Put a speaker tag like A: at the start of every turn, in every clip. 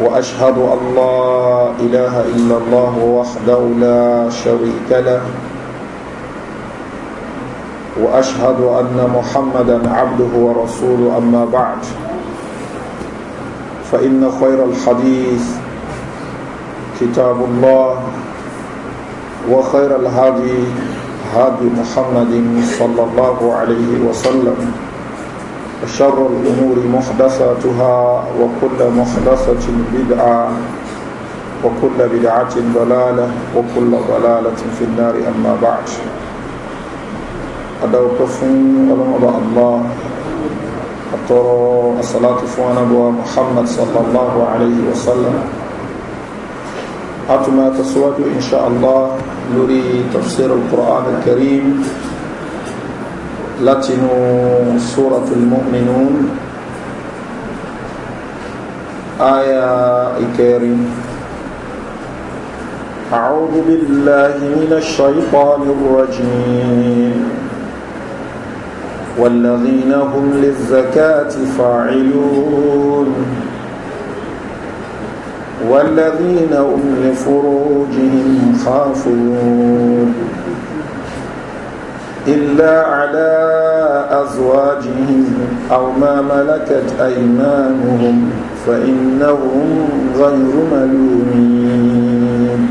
A: وأشهد أن لا إله إلا الله وحده لا شريك له وأشهد أن محمدا عبده ورسوله أما بعد فإن خير الحديث كتاب الله وخير الهادي هادي محمد صلى الله عليه وسلم وشر الأمور محدثاتها وكل محدثة بدعة وكل بدعة ضلالة وكل ضلالة في النار أما بعد أدوقف ألم الله أترى الصلاة فوانا محمد صلى الله عليه وسلم أتما تسود إن شاء الله لري تفسير القرآن الكريم لاتنو سورة المؤمنون آية ìkẹrin أعوذ بالله من الشيطان الرجيم والذين هم للزكاة فاعلون والذين هم لفروجهم خافون إلا على أزواجهم أو ما ملكت أيمانهم فإنهم غير ملومين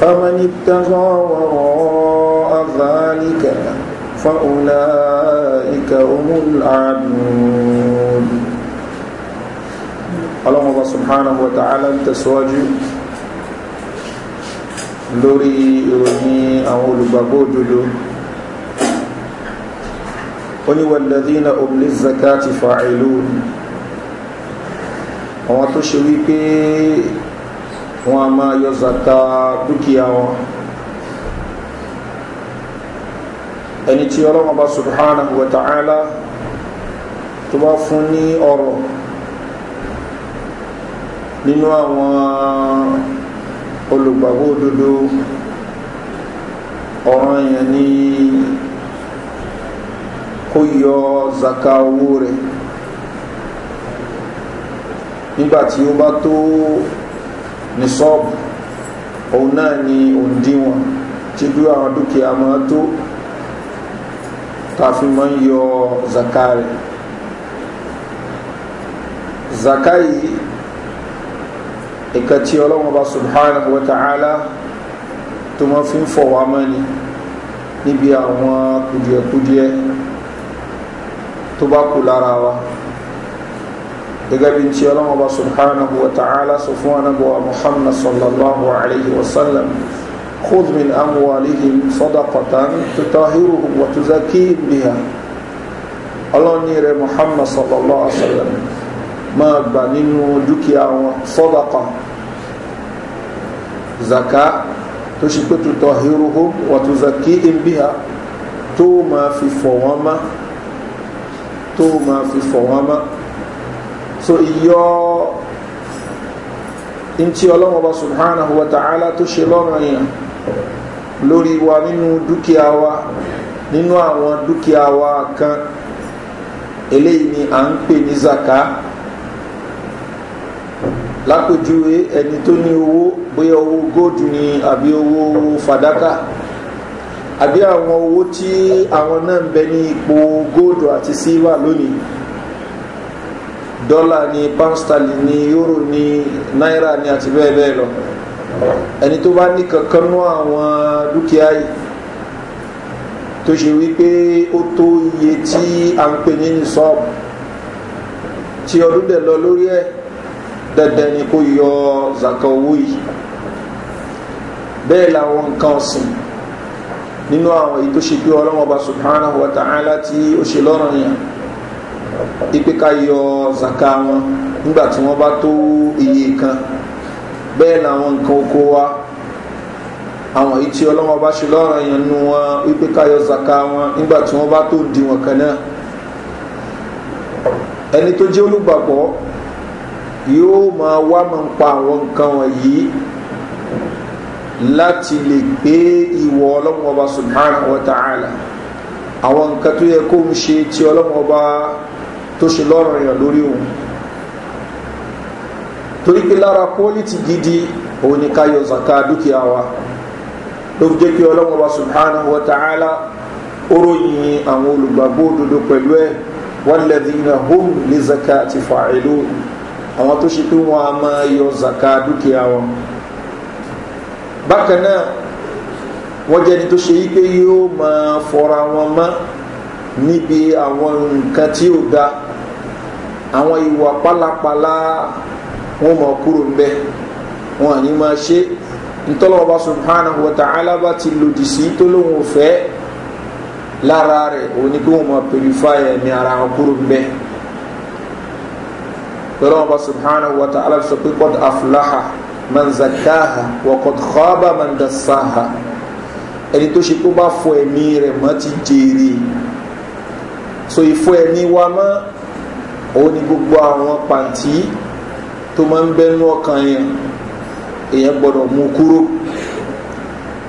A: فمن ابتغى وراء ذلك فأولئك هم العادون الله سبحانه وتعالى تسواجه lórí ìròyìn àwọn olùgbàgbọ́ òdodo oníwàlẹ́dínà omlé zaka ti fa ìlú àwọn tó ṣe wípé wọn a máa yọ zaka dúkìá wọn ẹni tí ọlọ́wọ́n bá subhana wa tó bá fún ní ọ̀rọ̀ nínú àwọn olùgbàgbọ́ òdodo ọ̀ràn yẹn ni kó yọ zaka owó rẹ̀ nígbàtí ó bá tó ní sọ́ọ̀bù òun náà ni òǹdíwọ̀n tí bí àwọn dúkìá máa tó tàfi máa yọ zaka rẹ̀ zaka yìí nǹkan tí ọlọ́run bá subhanahu wa ta'ala tó wọ́n fi ń fọ̀ wá mọ́ni níbi àwọn kùdìẹ̀kùdìẹ̀ tó bá kù lára wa gẹ́gẹ́ bí tí ọlọ́run bá subhanahu wa ta'ala sọ fún anábọ̀wá muhammad sallallahu alayhi wa sallam khudh min amwalihim sadaqatan tutahiruhum wa tuzakkihim biha ọlọ́run ní rẹ̀ muhammad sallallahu alayhi wa sallam máa gbà nínú dúkìá wọn sọ́dọ̀kan zaka tó ṣe pé tutọ̀ hiruhu wàtú zaki imbiha tó máa fi fọ̀ wọ́n má tó máa fi fọ̀ wọ́n má so iyọ́ ntí ọlọ́wọ́ bá subhanahu wa ta'ala tó ṣe lọ́rọ̀ yẹn lórí wa nínú dúkìá wa nínú àwọn dúkìá wa kan eléyìí ni à ń pè ní zaka lápèjúwe ẹni tó ní owó bóyá owó góòdù ni àbí owó fàdákà àbí àwọn owó tí àwọn náà ń bẹ ní ipò góòdù àti sílvà lónìí dọ́là ni pánstálì ni yóró ni náírà ni àti bẹ́ẹ̀ bẹ́ẹ̀ lọ ẹni tó bá ní kankan nú àwọn dúkìá yìí tó ṣe wípé ó tó iye tí a ń pè ní nìsọ́ọ̀bù tí ọdún dẹ̀ lọ lórí ẹ̀ dandan ni yọ zaka owó yìí nínú àwọn èyí tó ṣe pé ọlọ́wọ́n ọba wa ta'ala ṣe lọ́rùn yẹn ipe yọ zaka wọn nígbà tí bá tó iye kan bẹ́ẹ̀ làwọn nǹkan oko wa àwọn èyí tí ọlọ́wọ́n bá ṣe nu wọn wípé ká yọ zaka wọn nígbà tí bá tó kan náà ẹni tó jẹ́ yóò máa wá máa ń pa àwọn nǹkan wọ̀nyí láti lè gbé ìwọ ọlọ́run ọba subhanahu wa ta'ala àwọn nǹkan tó yẹ kó ń ṣe tí ọlọ́run ọba tó ṣe lọ́rùn èèyàn lórí òun torí pé lára kọ́lítì gidi òun ni ká zaka dúkìá wa ló fi jẹ́ kí ọlọ́run ọba subhanahu wa ta'ala ó àwọn olùgbàgbọ́ òdodo pẹ̀lú ẹ̀ wọ́n lẹ́dínà hum ní zaka ti fàáìlú àwọn tó ṣe pé wọn a máa yọ zaka dúkìá wọn bákan náà wọ́n jẹ́ni tó ṣe wípé yóò máa fọ́ra wọn mọ́ níbi àwọn nǹkan tí ò da àwọn ìwà pálapàla wọn mọ̀ kúrò ń bẹ́ wọn àní máa ṣe ntọ́lọ́wọ́ bá subhanahu wa ti lòdì sí tó lóun fẹ́ lára rẹ̀ òun ni pé wọn mọ̀ pèrìfà ẹ̀mí ara wọn kúrò ń bẹ́ẹ̀ tọ́lọ́wọ́n bá subhanahu wa ta'ala sọ pé qad aflaha man zakaha wa qad khaba man dassaha ẹni tó ṣe kó bá fọ ẹ̀mí rẹ̀ mọ́ ti jèrè so ìfọ ẹ̀mí wa mọ́ òun ni gbogbo àwọn pàǹtí tó máa ń bẹ́nu ọkàn yẹn èèyàn gbọ́dọ̀ mú kúrò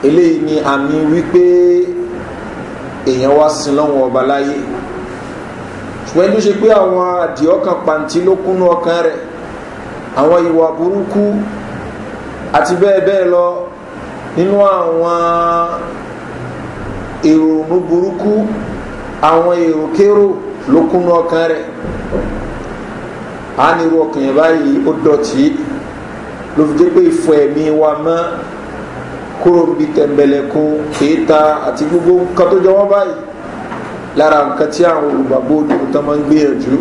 A: eléyìí ni àmì wípé èèyàn wá sin lọ́wọ́ ọba láyé ṣùgbọ́n ẹni tó ṣe pé àwọn àdìọ́kàn pàǹtí ló kúnnú ọkàn rẹ̀ àwọn ìwà burúkú àti bẹ́ẹ̀ bẹ́ẹ̀ lọ nínú àwọn èrònú burúkú àwọn èròkérò ló kúnnú ọkàn rẹ̀ a ní irú ọkàn yẹn báyìí ó dọ̀tí ló fi jẹ́ pé ìfọ̀ ẹ̀mí wa mọ́ kúrò níbi tẹ̀m̀bẹ̀lẹ̀kùn kéèta àti gbogbo nǹkan tó jọ wọ́n báyìí lára nǹkan tí àwọn olùgbàgbọ́ òdòdó tán máa ń gbìyànjú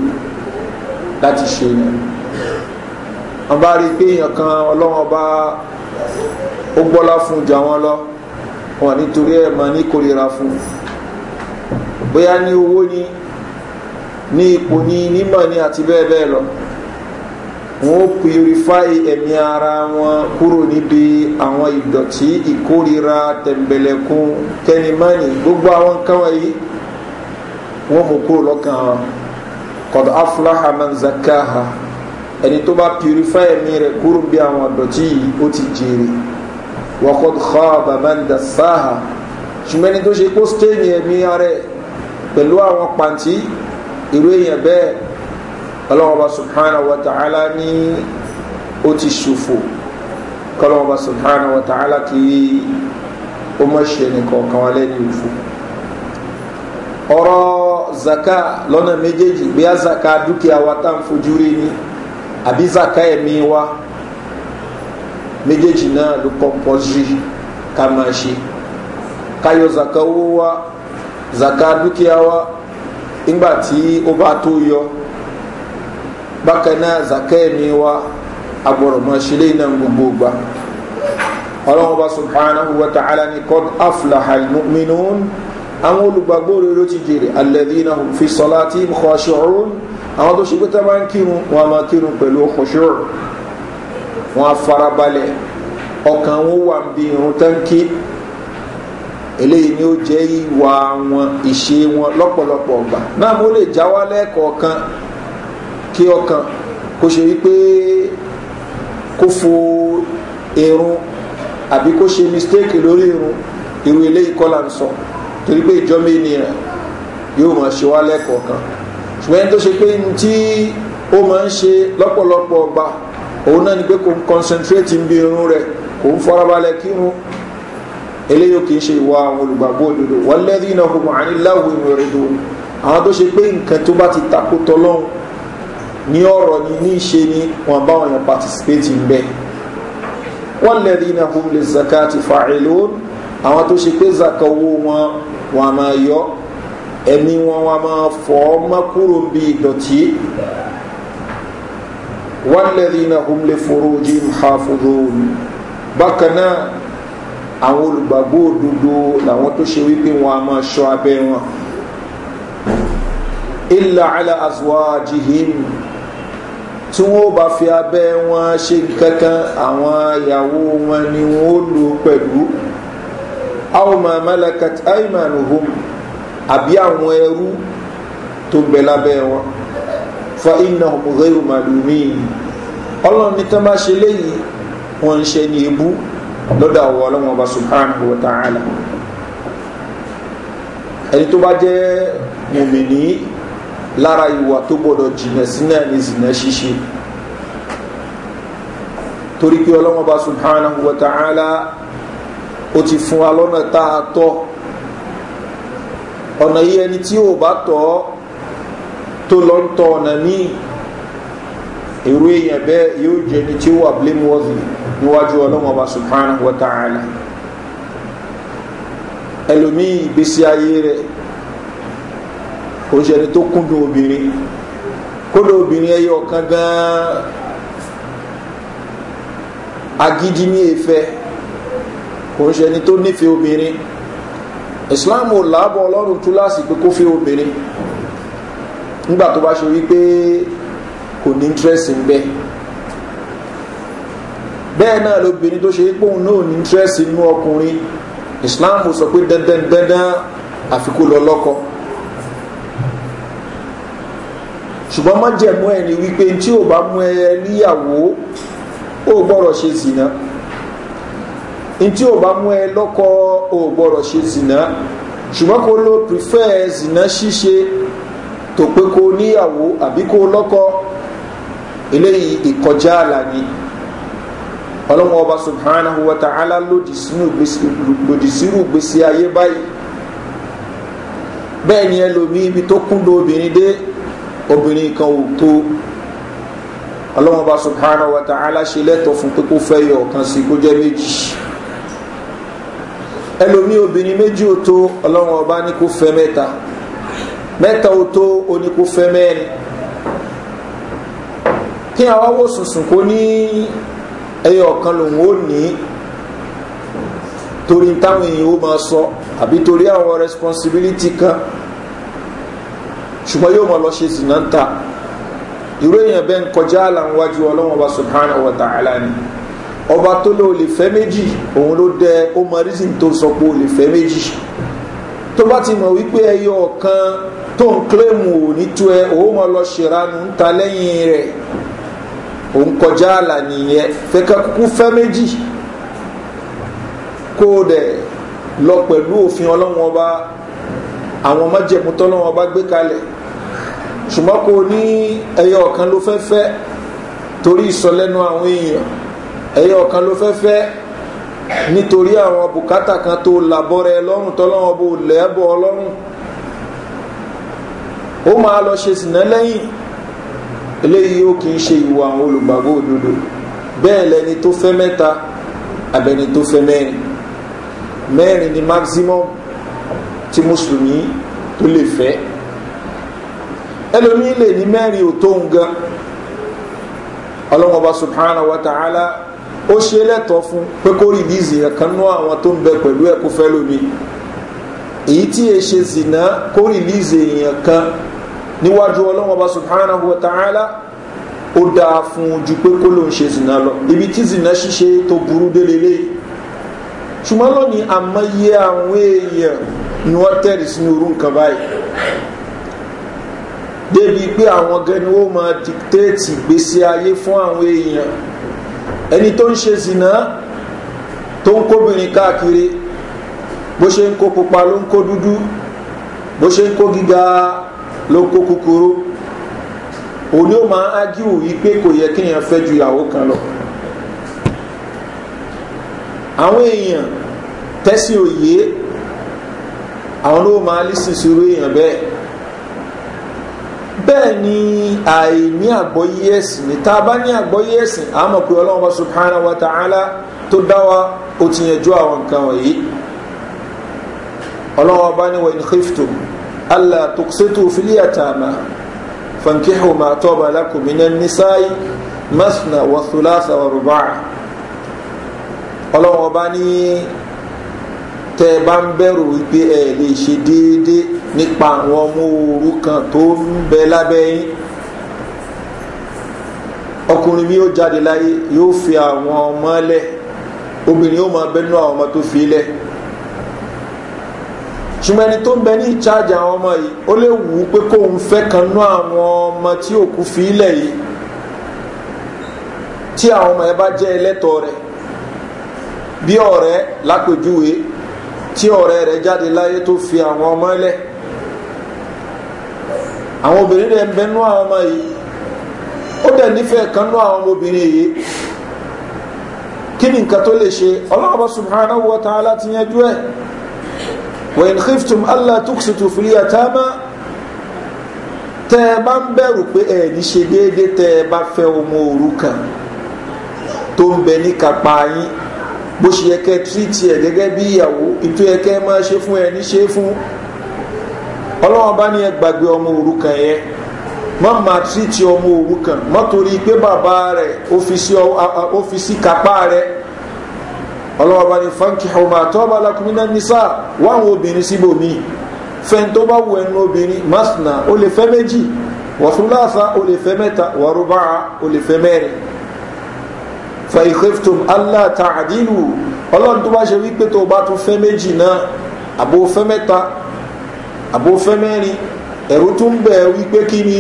A: láti ṣe ni wọ́n bá rí i pé èèyàn kan ọlọ́wọ́n bá ó gbọ́lá fún ju àwọn lọ wọn nítorí ẹ̀ máa ní kórìíra fún bóyá ní owó ni ní ipò ní nímọ̀ ni àti bẹ́ẹ̀ bẹ́ẹ̀ lọ wọn ó purify ẹ̀mí ara wọn kúrò níbi àwọn ìdọ̀tí ìkórìíra tẹ̀m̀bẹ̀lẹ̀kún tẹnimọ́ni gbogbo àwọn nǹkan wọ̀nyí wọ́n mú kúrò lọ́kàn wọn kọ̀dọ̀ afúláhà máa ń zakáha ẹni tó bá purify ẹ̀mí rẹ̀ kúrò bí àwọn àdọ̀tí yìí ó ti jèrè wọ́n kọ́dọ̀ xọ́ọ̀bà máa ń dà ẹni tó ṣe kó stéèmì ẹ̀mí rẹ̀ pẹ̀lú àwọn pàǹtí ìró èèyàn bẹ́ẹ̀ ọlọ́wọ́ba subhanahu wa ta'ala ni ó ti ṣòfò kọlọ́wọ́ba subhanahu wa ta'ala kì í ó mọ̀ ṣe nìkan kan wá lẹ́nu ọ̀rọ̀ zaka lọ́nà méjèèjì bóyá zaka dúkìá wa tá à ń fojú rí ni àbí zaka ẹ̀mí wa méjèèjì náà ló kọ́mpọ́sì ká máa ṣe ká zaka owó wa zaka dúkìá wa nígbà tí ó bá tó yọ bákan náà zaka ẹ̀mí wa agbọ̀rọ̀ máa ṣe léyìn náà gbogbo gbà ọlọ́run bá subhanahu wa ta'ala ni kod aflaha al-mu'minun àwọn olùgbàgbọ́ òróró ti jèrè alẹ́dínà fi sọlá tí kọ́ ṣòrún àwọn tó ṣe pé tá máa ń kírun wọn a máa kírun pẹ̀lú ọkọ̀ṣọ́ wọn a farabalẹ̀ ọkàn wọn wà bí irun táǹkì eléyìí ni ó jẹ́ ìwà wọn ìṣe wọn lọ́pọ̀lọpọ̀ ọgbà náà mo lè já wá lẹ́ẹ̀kọ̀ọ̀kan kí ọkàn kó ṣe wípé kó fo irun àbí kó ṣe mistake lórí irun irú eléyìí kọ́ là ń sọ. So torí pé ìjọba ènìyàn yóò máa ṣe wá lẹ́kọ̀ọ́ kan ṣùgbọ́n ẹni tó ṣe pé ní tí ó máa ń ṣe lọ́pọ̀lọpọ̀ ọgbà òun náà ni pé kò ń concentrate ń bi irun rẹ̀ kò ń farabalẹ̀ kírun eléyìí kì í ṣe ìwà àwọn olùgbàgbọ́ òdodo wọ́n lẹ́rìí náà kò àní láwùú ìwé rẹ̀ àwọn tó ṣe pé nǹkan tó bá ti takò tọ́lọ́hún ní ọ̀rọ̀ ni ní ṣe ni wọ́n bá wọn yàn participate ń bẹ́ wọ́n lẹ́rìí náà kò lè zaka ti fa ìlú àwọn tó ṣe pé zaka owó wọn wọn a máa yọ ẹni wọn wọn a máa fọ ọmọ kúrò bí ìdọ̀tí wọn lẹ́rìí náà hùm lè forò jí hàfúrò bákan náà àwọn olùgbàgbọ́ òdodo làwọn tó ṣe wípé wọn a máa ṣọ abẹ́ wọn ilà àlà azuwajihim tí wọ́n bá fi abẹ́ wọn ṣe kankan àwọn ìyàwó wọn ni wọ́n lò pẹ̀lú aw ma malakat aymanuhum àbí àwọn ẹrú tó bẹ lábẹ́ wọn fa innahum ghayru malumin ọlọ́run ní tán bá ṣe léyìí wọ́n ń ṣe ní ebú lọ́dọ̀ àwọn ọlọ́run ọba subhanahu wa ta'ala ẹni tó bá jẹ́ mùmìnì lára ìwà tó gbọdọ̀ jìnà sí ní zìnà ṣíṣe torí pé ọlọ́run ọba subhanahu wa ta'ala ó ti fún wa lọ́nà tá a tọ́ ọ̀nà yìí ẹni tí ò bá tọ́ tó lọ ń tọ ọ̀nà míì èrò èèyàn bẹ́ẹ̀ yóò jẹ́ ni tí ó wà blameworthy níwájú ọlọ́wọ́n ọba subhanahu wa ta'ala ẹlòmíì ìgbésí ayé rẹ̀ kò ṣe ẹni tó kúndùn obìnrin kódà obìnrin ẹyẹ ọ̀kan gan-an agídí ní èfẹ́ kò ń ṣe ẹni tó nífẹ̀ẹ́ obìnrin islam ò láàbọ̀ ọlọ́run túláàsì pé kó fẹ́ obìnrin nígbà tó bá ṣe wípé kò ní interest ń bẹ́ bẹ́ẹ̀ náà lóbìnrin tó ṣe wípé òun náà ní interest inú ọkùnrin islam sọ pé dandan dandan àfikún lọ lọ́kọ̀ọ́ ṣùgbọ́n má jẹ̀mú ẹni wípé tí ò bá mú ẹ níyàwó ó gbọ́rọ̀ ṣe sí náà ntí o bá mú ẹ lọ́kọ́ o gbọ́dọ̀ ṣe zìnà ṣùgbọ́n kó ló prefer zìnà ṣíṣe tó pé kó níyàwó àbí kó lọ́kọ́ eléyìí ìkọjá àlàní ọlọ́wọ́n ọba subhanahu wa ta'ala lòdì sírù gbèsè ayé báyìí bẹ́ẹ̀ ni ẹlòmí ibi tó kúndùn obìnrin dé obìnrin kan ò tó ọlọ́wọ́n ọba subhanahu wa ta'ala ṣe lẹ́tọ̀ fún pé kó fẹ́ yọ ọ̀kan sí kó jẹ́ méjì ẹlòmí obìnrin méjì ò tó ọlọ́run ọba ní kó fẹ́ mẹ́ta mẹ́ta ò tó oní kó fẹ́ mẹ́rin kí àwọn wò sùnsùn kó ní ẹyọ ọ̀kan lòun ó ní torí táwọn èèyàn ó máa sọ àbí torí àwọn responsibility kan ṣùgbọ́n yóò máa lọ ṣe sì náà ń ta ìró èèyàn bẹ́ẹ̀ ń kọjá àlà ọlọ́run ọba subhanahu wa ta'ala ọba tó lé olè fẹ́ méjì òun ló dẹ ó mọ reason tó sọ pé olè fẹ́ méjì tó bá ti mọ̀ wípé ẹyọ ọ̀kan tó ń kílẹ̀mù ò ní tú ẹ òun mọ̀ lọ ṣèrànù ń ta lẹ́yìn rẹ̀ òun kọjá àlà nìyẹn fẹ́kẹ́ kúkú fẹ́ méjì kó o dẹ̀ lọ pẹ̀lú òfin ọlọ́wọ́n ọba àwọn májẹ̀mú tọ́lọ́wọ́n ọba gbé kalẹ̀ ṣùgbọ́n kò ní ẹyọ ọ̀kan ló fẹ́ fẹ́ torí ìsọlẹ́nu àwọn èèyàn ẹ̀yọ ọ̀kan ló fẹ́ fẹ́ nítorí àwọn bùkátà kan tó làbọ́rẹ́ lọ́rùn tọ́lọ́wọ́ bó lẹ́ẹ̀bọ̀ ọlọ́run ó máa lọ ṣe sìnà lẹ́yìn eléyìí ó kì í ṣe ìwà àwọn olùgbàgbọ́ òdodo bẹ́ẹ̀ lẹni tó fẹ́ mẹ́ta abẹni tó fẹ́ mẹ́rin mẹ́rin ni maximum tí mùsùlùmí tó lè fẹ́ ẹlòmí lè ní mẹ́rin ò tóun gan ọlọ́mọba subhanahu wa ta'ala ó ṣe lẹ́tọ̀ọ́ fún pé kó rìlíìsì ẹ̀kan nú àwọn tó ń bẹ pẹ̀lú ẹ̀ fẹ́ lómi èyí tí e ṣe zìnà kó rìlíìsì èèyàn kan níwájú ọlọ́wọ́n ọba subhanahu wa ta'ala ó dáa fún ju pé kó ló ń ṣe zìnà lọ ibi tí zìnà ṣíṣe tó burú délé léyìí ṣùgbọ́n lónìí àmọ́yé àwọn èèyàn ni wọ́n tẹ̀rì sínú orú nǹkan báyìí débi pé àwọn gẹni ó máa dictate ìgbésí ayé fún àwọn èèyàn ẹni tó ń ṣe zìnà tó ń kóbìnrin káàkiri bó ṣe ń kó pupa ló ń kó dúdú bó ṣe ń kó gíga ló ń kó kúkúrú òní ó máa ágíwù wípé kò yẹ kéèyàn fẹ́ ju ìyàwó kan lọ àwọn èèyàn tẹ́sí òye àwọn ló máa lísìsirú èèyàn bẹ́ẹ̀ bẹ́ẹ̀ ni àìní àgbọ́yé ẹ̀sìn ni tá a bá ní àgbọ́yé ẹ̀sìn a mọ̀ pé ọlọ́run bá subhanahu wa ta'ala tó dá wa ó ti yanjú àwọn nǹkan wọ̀nyí ọlọ́run bá ní wa in khiftum alla tuqsitu fil yatama fankihu ma taba lakum minan nisa'i masna wa thulatha wa ruba'a ọlọ́run bá ní tẹ́ ẹ bá ń bẹ̀rù wípé ẹ lè ṣe déédéé nípa àwọn ọmọ òrukàn tó ń bẹ lábẹ́ yín ọkùnrin mi yóò jáde láyé yóò fi àwọn ọmọ lẹ̀ obìnrin yóò máa bẹnu àwọn ọmọ tó fi lẹ̀ ṣùgbọ́n ẹni tó ń bẹ ní ìcháàjì àwọn ọmọ yìí ó lè wù ú pé kóun fẹ́ kan àwọn ọmọ tí òkú fi lẹ̀ yìí tí àwọn ọmọ yẹn bá jẹ́ ẹlẹ́tọ̀ọ́ rẹ̀ bí ọ̀rẹ́ lápèjúwe tí ọ̀rẹ́ rẹ̀ jáde láyé tó fi àwọn ọmọ lẹ̀ àwọn obìnrin rẹ̀ ń bẹ nú àwọn ọmọ yìí ó dẹ̀ nífẹ̀ẹ́ kan nú àwọn obìnrin yìí kí ni nǹkan tó lè ṣe ọlọ́ọ̀bá subhanahu wa ta'ala ti yanjú ẹ̀ wẹ̀yìn khiftum allah tuksitu filiya tama tẹ́ bá ń bẹ̀rù pé ẹ̀ ní ṣe déédéé tẹ́ bá fẹ́ ọmọ òrukàn tó ń bẹ ní kápá bó ṣe yẹ kẹ́ tírìtì ẹ̀ gẹ́gẹ́ bí ìyàwó ètò yẹ kẹ́ máa ṣe fún ẹ níṣe fún ọlọ́wọ́n bá ní ẹ gbàgbé ọmọ òrukàn yẹn má máa tírìtì ọmọ òrukàn má torí pé bàbá rẹ̀ ó fi sí kápá rẹ̀ ọlọ́wọ́n bá ní fáńkì ọmọ àtọ́ba alákùnrin nísà wáwọn obìnrin síbòmí fẹ́ni tó bá wù ẹnu obìnrin masna ó lè fẹ́ méjì wàsúlàsà ó lè fẹ́ mẹ́ta wàrúbáà ó lè fẹ́ mẹ́rin fa ìkẹ́fùtùm allah ta'adilu ọlọ́run tó bá ṣe wípé tó bá tún fẹ́ méjì náà àbò fẹ́ mẹ́ta àbò fẹ́ mẹ́rin ẹ̀rú tún bẹ̀ wípé kí ni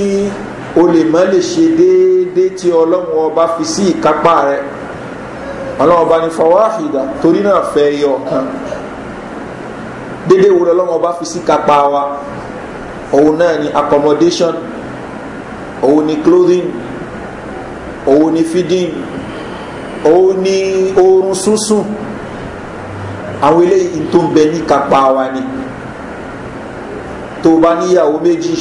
A: o lè má lè ṣe déédéé tí ọlọ́run ọba fi sí ìkápá rẹ̀ ọlọ́run ọba ní fọwọ́hìdá torí náà fẹ́ yọ ọ̀kan déédéé wo lọ́run ọba fi sí kápá wa òun náà ni accommodation òun ni clothing òun ni feeding òun ni oorun sísùn àwọn eléyìí tó ń bẹ ní kápá wa ni tó bá níyàwó méjì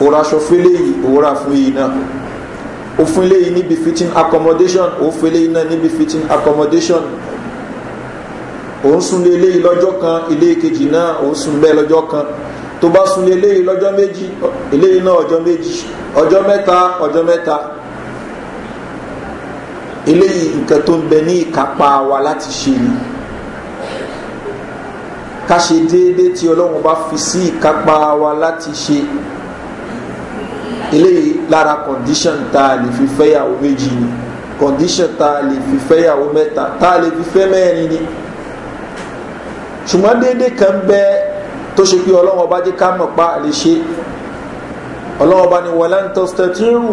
A: òun aṣọ fún eléyìí òun ra fún yìí náà ó fún eléyìí níbi fitting accommodation ó fún eléyìí náà níbi fitting accommodation òun súnlé eléyìí lọ́jọ́ kan ilé kejì náà òun sùn bẹ́ẹ̀ lọ́jọ́ kan tó bá súnlé eléyìí lọ́jọ́ méjì eléyìí náà ọjọ́ méjì ọjọ́ mẹ́ta ọjọ́ mẹ́ta eléyìí nǹkan tó ń bẹ ní ìkápá wa láti ṣe ni ká ṣe déédéé tí ọlọ́run bá fi sí ìkápá wa láti ṣe eléyìí lára condition tá a lè fi fẹ́yàwó méjì ni condition tá a lè fi fẹ́yàwó mẹ́ta tá a lè fi fẹ́ mẹ́rin ni ṣùgbọ́n déédéé kan bẹ tó ṣe pé ọlọ́run ọba jẹ́ ká mọ̀ pa àlè ṣe ọlọ́run ọba ni wọ́n lẹ́ńtọ́ stẹ́tírù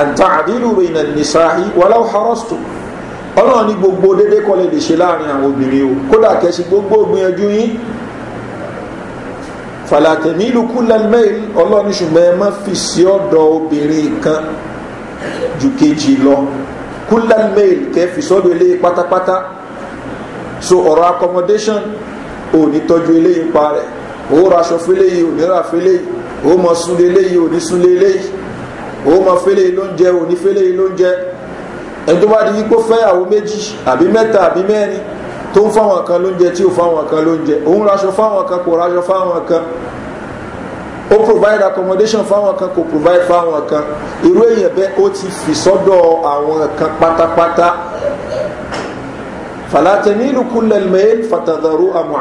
A: àtàdínú ìnà nìsáhí wàláwò harrostu ọlọ́run ní gbogbo dédé kọlẹ̀ lè ṣe láàrin àwọn obìnrin o kódà kẹsí gbogbo gbìyànjú yín fàlàtẹ̀mí ìlú kúlẹ̀lmẹ́ìl ọlọ́run ṣùgbọ́n ẹ má fi sí ọ̀dọ̀ obìnrin kan ju kejì lọ kúlẹ̀lmẹ́ìl kẹ́ fi sọ́dọ̀ ilé pátápátá so ọ̀rọ̀ accommodation ò ní tọ́jú ilé ipa rẹ̀ ó raṣọ fẹ́lẹ́ yìí ò ní ra fẹ́lẹ́ yìí ó mọ súnlé eléyìí ò ní súnlé eléyìí òun mọ fẹ́lẹ́ ló ń jẹ òní fẹ́lẹ́ ló ń jẹ ẹni tó bá di yípo fẹ́yàwó méjì àbí mẹ́ta àbí mẹ́rin tó ń fáwọn kan ló ń jẹ tí ò fáwọn kan ló ń jẹ òun raṣọ fáwọn kan kò raṣọ fáwọn kan ó provide accommodation fáwọn kan kò provide fáwọn kan irú èèyàn bẹ́ẹ̀ ó ti fi sọ́dọ̀ àwọn kan pátápátá falatẹ̀ nílùú kúlẹ̀ mẹ́ẹ̀lì fatadaru àmọ́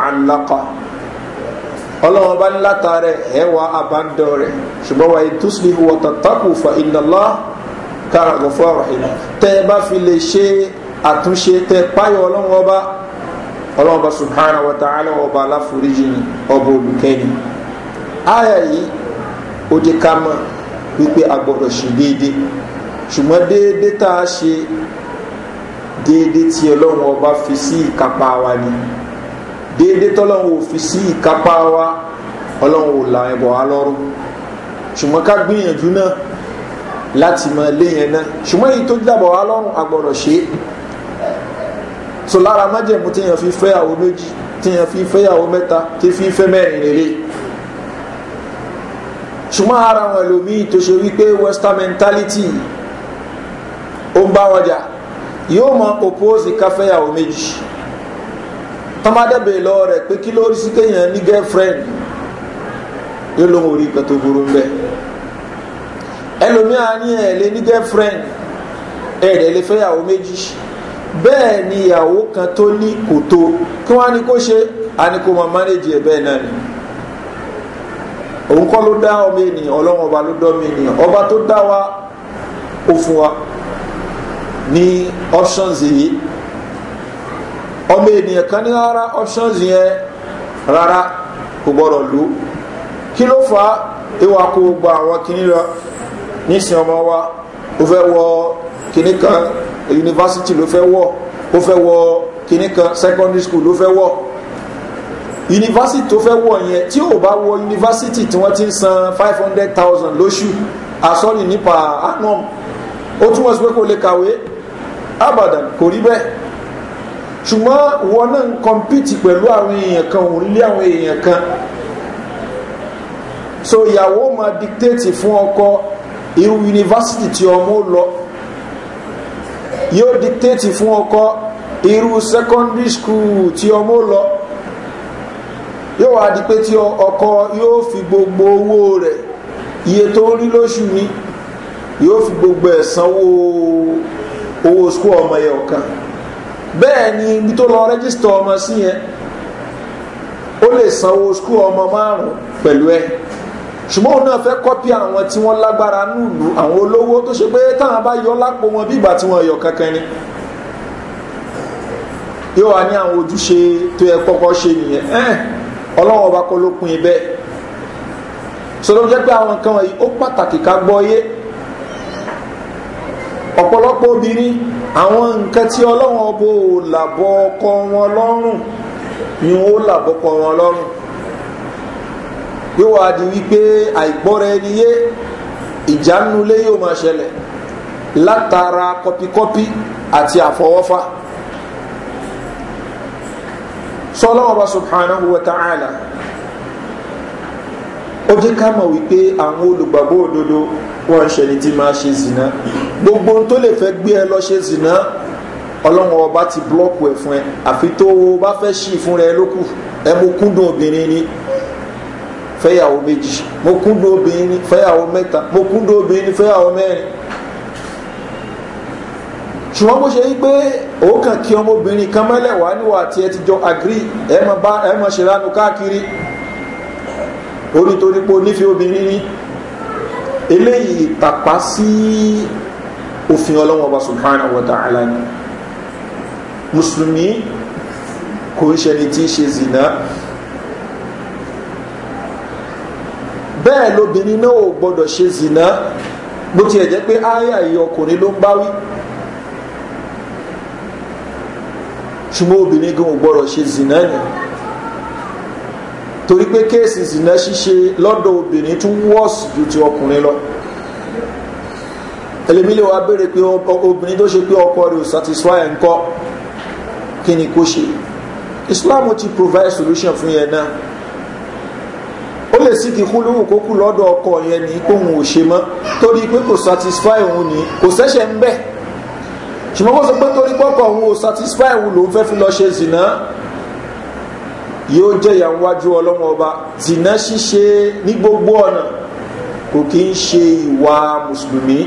A: ọlọ́wọ́n bá ní látàrẹ ẹwà àbádọ́ rẹ̀ ṣùgbọ́n wàá ìtúsùlì wọ̀tà tákù fa ìnàlá káràgọ̀ fún àròhìnà tẹ́ ẹ bá fi lè ṣe àtúnṣe tẹ́ páyọ̀ ọlọ́wọ́n bá ọlọ́wọ́n bá subhana wa ta'ala ọba aláforíjì ni ọba olùkẹ́ni àyà yìí ó di ká mọ̀ wípé a gbọ́dọ̀ ṣe déédéé ṣùgbọ́n déédéé tá a ṣe déédéé tí ọlọ́wọ́n ọba fi sí ìkápá wa ni déédéé tọ́lọ́run ò fi sí ìkápá wa ọlọ́run ò là ẹ̀bọ̀ wa lọ́rùn ṣùgbọ́n ká gbìyànjú náà láti mọ ilé yẹn náà ṣùgbọ́n èyí tó dàbọ̀ wa lọ́rùn agbọ̀rọ̀ ṣe é so lára májẹ̀mú téèyàn fi fẹ́ àwọn méjì téèyàn fi fẹ́ àwọn mẹ́ta tí fi fẹ́ mẹ́rin rere ṣùgbọ́n ara àwọn ẹlòmíì tó ṣe wípé western mentality ó ń bá wọn jà yóò mọ oppose káfẹ́yàwó méjì tọ́mádẹ́bẹ̀ lọ rẹ̀ pé kí ló rí sí kéèyàn ní girlfriend yóò lóun ò rí nǹkan tó burú ń bẹ̀ ẹlòmíà ní ẹ̀ lé ní girlfriend ẹ̀ lè fẹ́ ìyàwó méjì bẹ́ẹ̀ ni ìyàwó kan tó ní kò tó kí wọ́n á ní kó ṣe á ní kó máa manage ẹ̀ bẹ́ẹ̀ náà ni òun kọ́ ló dá ọmọ ènìyàn ọlọ́run ọba ló dá ọmọ ènìyàn ọba tó dá wa ó fún wa ní options yìí ọmọ ènìyàn kan ní rárá options yẹn rárá kò gbọ́dọ̀ lò kí ló fa ìwà kó gba àwọn kìíní lọ nísìn ọmọ wa ó fẹ́ wọ kìíní kan yunifásitì ló fẹ́ wọ ó fẹ́ wọ kìíní kan secondary school ló fẹ́ wọ yunifásitì tó fẹ́ wọ̀ yẹn tí ò bá wọ yunifásitì tí wọ́n ti ń san five hundred thousand lóṣù àsọ́lì ah, nípa anum ó túmọ̀ sí pé kò lè kàwé abadan kò rí bẹ́ẹ̀ ṣùgbọ́n wọn náà ń kọmpìtì pẹ̀lú àwọn èèyàn kan òun lé àwọn èèyàn kan so ìyàwó máa dictate fún ọkọ irú yunifásitì tí ọmọ ó lọ yóò dictate fún ọkọ irú secondary school tí ọmọ ó lọ yóò wá di pé tí ọkọ yóò fi gbogbo owó rẹ̀ iye tó ń rí lóṣù ni yóò fi gbogbo ẹ̀ sanwó owó school ọmọ yẹn ọ̀kan bẹ́ẹ̀ ni ibi tó lọ rẹ́gísítọ̀ ọmọ sí yẹn ó lè sanwó skul ọmọ márùn-ún pẹ̀lú ẹ̀ ṣùgbọ́n òun náà fẹ́ kọ́pì àwọn tí wọ́n lágbára nùlù àwọn olówó tó ṣe pé táwọn bá yọ lápò wọn bí ìgbà tí wọ́n yọ kankan ni yóò wá ní àwọn ojúṣe tó yẹ kọ́kọ́ ṣe nìyẹn ọlọ́wọ́n ọba kọ́ ló pin bẹ́ẹ̀ sọlọ́jẹ́ pé àwọn nǹkan wọ̀nyí ó pàtàkì ká gbọ́ yé ọ̀pọ̀lọpọ̀ obìnrin àwọn nǹkan tí ọlọ́run ọbọ̀ ò làbọ̀ ọkọ wọn lọ́rùn ni ó làbọ̀ ọkọ wọn lọ́rùn yóò wá di wípé àìgbọ́ra ẹni yé ìjánulé yóò máa ṣẹlẹ̀ látara kọpikọpi àti àfọwọ́fà sọlọ́wọ́ba subhanahu wa ta'ala ó jẹ́ ká mọ̀ wípé àwọn olùgbàgbọ́ òdodo wọ́n ń ṣẹni tí máa ṣe zìnà gbogbo ohun tó lè fẹ́ gbé ẹ lọ ṣe zìnà ọlọ́run ọba ti blọ́ọ̀kù ẹ̀ fún ẹ àfi tó o bá fẹ́ ṣì fún rẹ lókù ẹ mo kúndùn obìnrin ni fẹ́yàwó méjì mo kúndùn obìnrin ni fẹ́yàwó mẹ́ta mo kúndùn obìnrin ni fẹ́yàwó mẹ́rin ṣùgbọ́n bó ṣe yí pé òun kí ọmọbìnrin kan mẹ́lẹ̀ wá níwà ẹ ti jọ agri ẹ mọ̀ ṣe lánàá káàkiri onítorí pé onífẹ́ obìnrin ni. Fe, eléyìí tapa sí òfin ọlọ́wọ́ ọba subhanahu wa ta'ala ni mùsùlùmí kò ń ṣẹni tí ń ṣe zina bẹ́ẹ̀ lóbìnrin náà ò gbọ́dọ̀ ṣe zina bó ti ẹ̀ jẹ́ pé áyà yìí ọkùnrin ló ń bá wí ṣùgbọ́n obìnrin gan ò gbọ́dọ̀ ṣe zina ni torí pé kéèsì ìsìnà ṣíṣe lọ́dọ̀ obìnrin tún wọ́ọ̀sì ju ti ọkùnrin lọ ẹlẹ́mí lè wá béèrè pé obìnrin tó ṣe pé ọkọ rẹ̀ ò satisfy ẹ̀ ń kọ́ kí ni kó ṣe islam ti provide solution fún yẹn náà ó lè sí kí kúlúwù kó kú lọ́dọ̀ ọkọ yẹn ní kóhun ò ṣe mọ́ torí pé kò satisfy òun ní kò sẹ́ṣẹ̀ ń bẹ̀ ṣùgbọ́n kó sọ pé torí pọ́kọ̀ òun ò satisfy òun lòun fẹ́ fi lọ ṣe zìnà yóò jẹ́yà wájú ọlọ́mọ ọba zina ṣíṣe ní gbogbo ọ̀nà kò kí ń ṣe ìwà mùsùlùmí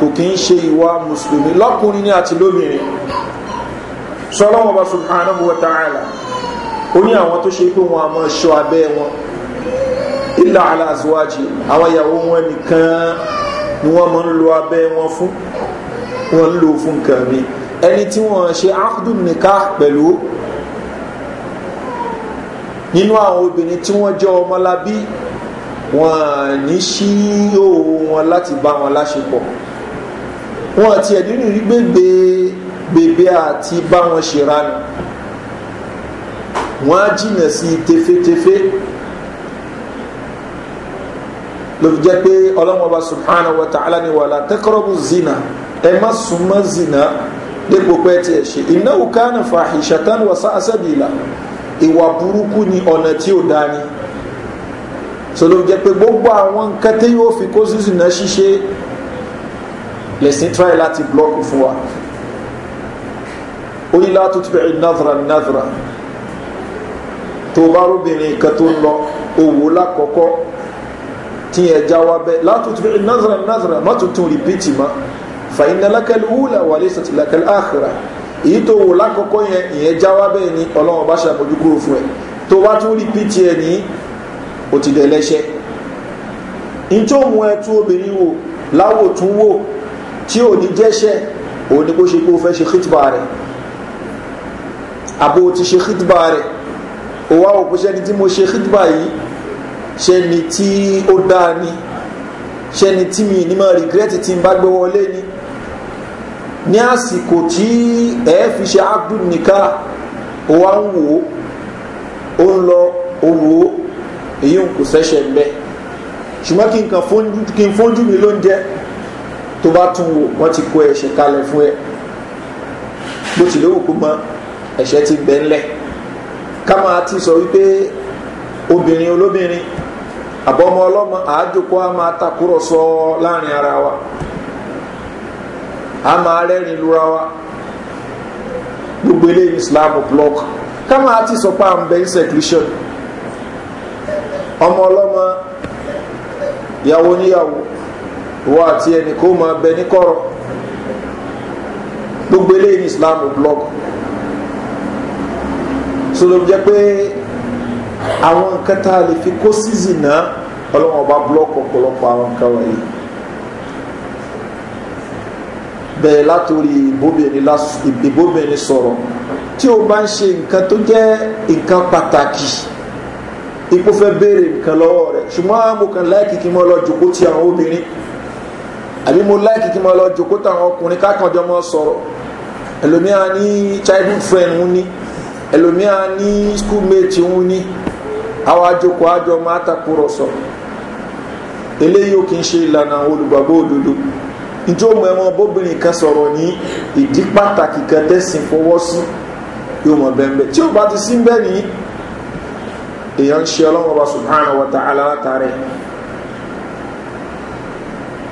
A: kò kí ń ṣe ìwà mùsùlùmí lọ́kùnrin ní àti lómìnrin sọlọ́mọ ọba subhanahu wa ta'ala ó ní àwọn tó ṣe pé wọn àmọ́ ṣọ abẹ́ wọn ilà aláàzíwájì àwọn ìyàwó wọn nìkan ni wọ́n máa ń lo abẹ́ wọn fún wọ́n ń lò fún nǹkan ẹni tí wọ́n ṣe áfùdùn nìka pẹ̀lú nínú àwọn obìnrin tí wọ́n jẹ́ ọmọlábí wọn ní sí òwò wọn láti bá wọn láṣepọ̀ wọn àti ẹ̀dínú rí gbégbé bèbè àti bá wọn ṣèrànù wọn á jìnà sí tefetefe ló fi jẹ́ pé ọlọ́mọba subhanahu wa ta'ala ni wàhálà tẹ́kọ̀rọ̀bù zina ẹ má súnmọ́ zina dépò pẹ́ tiẹ̀ ṣe ìnáwó kánà fàáhìṣàtàn wàsá àṣẹ́bìlà ìwà burúkú ni ọ̀nà tí ò dá ni sọlọ jẹ́ pé gbogbo àwọn nǹkan tí yóò fi kó sísì náà ṣíṣe lẹ́sìn try láti blọ́ọ̀kù fún wa ó ní látò tí bẹ̀rẹ̀ nàdàrà nàdàrà tó bá róbìnrin kan tó ń lọ òwò lákọ̀ọ́kọ́ tí yẹn já wa bẹ́ẹ̀ látò tí bẹ̀rẹ̀ nàdàrà nàdàrà má tuntun rìpítì mọ́ fàyínà lákàlù wúlà wà lẹ́sìn lákàlù àkàrà èyí tó wò lákọ̀ọ́kọ́ yẹn ìyẹn jáwá bẹ́ẹ̀ ni ọlọ́run bá ṣàbójú kúrò fún ẹ tó bá tún rí pt ní ó ti dẹ̀lẹ́ṣẹ́ ẹ tún obìnrin wò láwò tún wò tí ò ní jẹ́ṣẹ́ òun ni kó ṣe pé ó fẹ́ ṣe hitba rẹ̀ àbò ti ṣe hitba rẹ̀ ó wá wò pé ṣẹ́ni tí mo ṣe hitba yìí ṣẹ́ni tí ó dáa ni ṣẹ́ni tí mi ní máa regret tí n bá gbé wọlé ni ní àsìkò tí ẹ fi ṣe abdulnika ó wá ń wò ó ń lọ owó èyí ń kò sẹ́sẹ̀ ń bẹ́ ṣùgbọ́n kí n kàn n mi ló ń jẹ́ tó bá tún wò wọ́n ti kó ẹ̀ṣẹ̀ kalẹ̀ fún ẹ bó ti ti bẹ̀ ńlẹ̀ ká máa ti sọ wípé obìnrin olóbìnrin àbọ̀mọ ọlọ́mọ máa takúrọ̀ sọ wa. a máa rẹ́rìn lura wa gbogbo eléyìí islam block ká máa ti sọ pé à ń bẹ inseclusion ọmọ ọlọ́mọ ìyàwó níyàwó ìwọ àti ẹnì kó máa bẹ ní kọ̀rọ̀ gbogbo eléyìí islam block so ló jẹ́ pé àwọn nǹkan tá a lè fi kó sízì náà ọlọ́wọ́n ọba block ọ̀pọ̀lọpọ̀ àwọn nǹkan wọ̀nyí bẹ̀rẹ̀ látòrí ìbóbìnrin sọ̀rọ̀ tí o bá ń ṣe nǹkan tó jẹ́ nǹkan pàtàkì ipò fẹ́ béèrè nǹkan lọ́wọ́ rẹ̀ ṣùgbọ́n mo kàn láìkì kí mo lọ jòkó ti àwọn obìnrin àbí mo láìkì kí mo lọ jòkó ti àwọn ọkùnrin kákanjọ mọ́ sọ̀rọ̀ ẹlòmíà ní childhood friend ń ní ẹlòmíà ní schoolmate ń ní àwọn àjòkó àjọ máa takurọ̀ sọ eléyìí ò kì í ṣe ìlànà olùgbàgbọ́ òdodo njó mọ ẹwọn bóbìnrin kan sọ̀rọ̀ ní ìdí pàtàkì kan tẹ́sìn fọwọ́ sí yóò mọ bẹ́ẹ̀ tí ó bá ti sí bẹ́ẹ̀ ní èèyàn ń ṣe ọlọ́wọ́ bá subhanahu wa ta'ala látàrí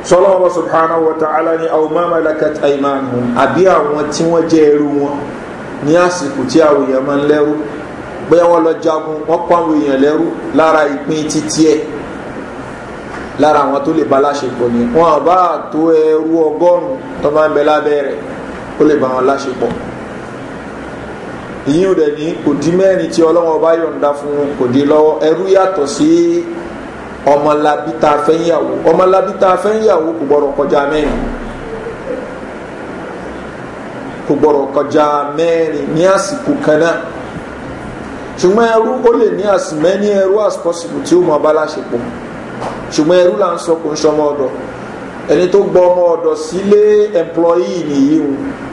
A: sọlọ́wọ́ bá subhanahu wa ta'ala ní àwọn máma lakat aimanu àbí àwọn tí wọ́n jẹ́ ẹrú wọn ní àsìkò tí àwọn èèyàn máa ń lẹ́rú bóyá wọ́n lọ jagun wọ́n kó àwọn èèyàn lẹ́rú lára ìpín títí ẹ̀ lára àwọn tó lè ba láṣepọ̀ ni wọn bá tó ẹrú ọgọ́rùn-ún tó máa ń bẹ lábẹ́ rẹ̀ ó lè bá wọn láṣepọ̀ ìyín rẹ̀ ní kò di mẹ́rin tí ọlọ́wọ́n bá yọ̀ǹda fún kò di lọ́wọ́ ẹrú yàtọ̀ sí ọmọlábí tá a fẹ́ ọmọlábí tá a fẹ́ kò gbọ́dọ̀ kọjá mẹ́rin kò gbọ́dọ̀ kọjá mẹ́rin ní àsìkò kan náà ṣùgbọ́n ẹrú ó lè ní as many ẹrú as possible tí ó mọ abá láṣepọ̀ ṣùgbọ́n ẹrú là ń sọ kò ń ṣọmọ ọ̀dọ̀ ẹni tó gbọ́ ọmọ ọ̀dọ̀ sílé ẹ̀mplọ́yì nìyí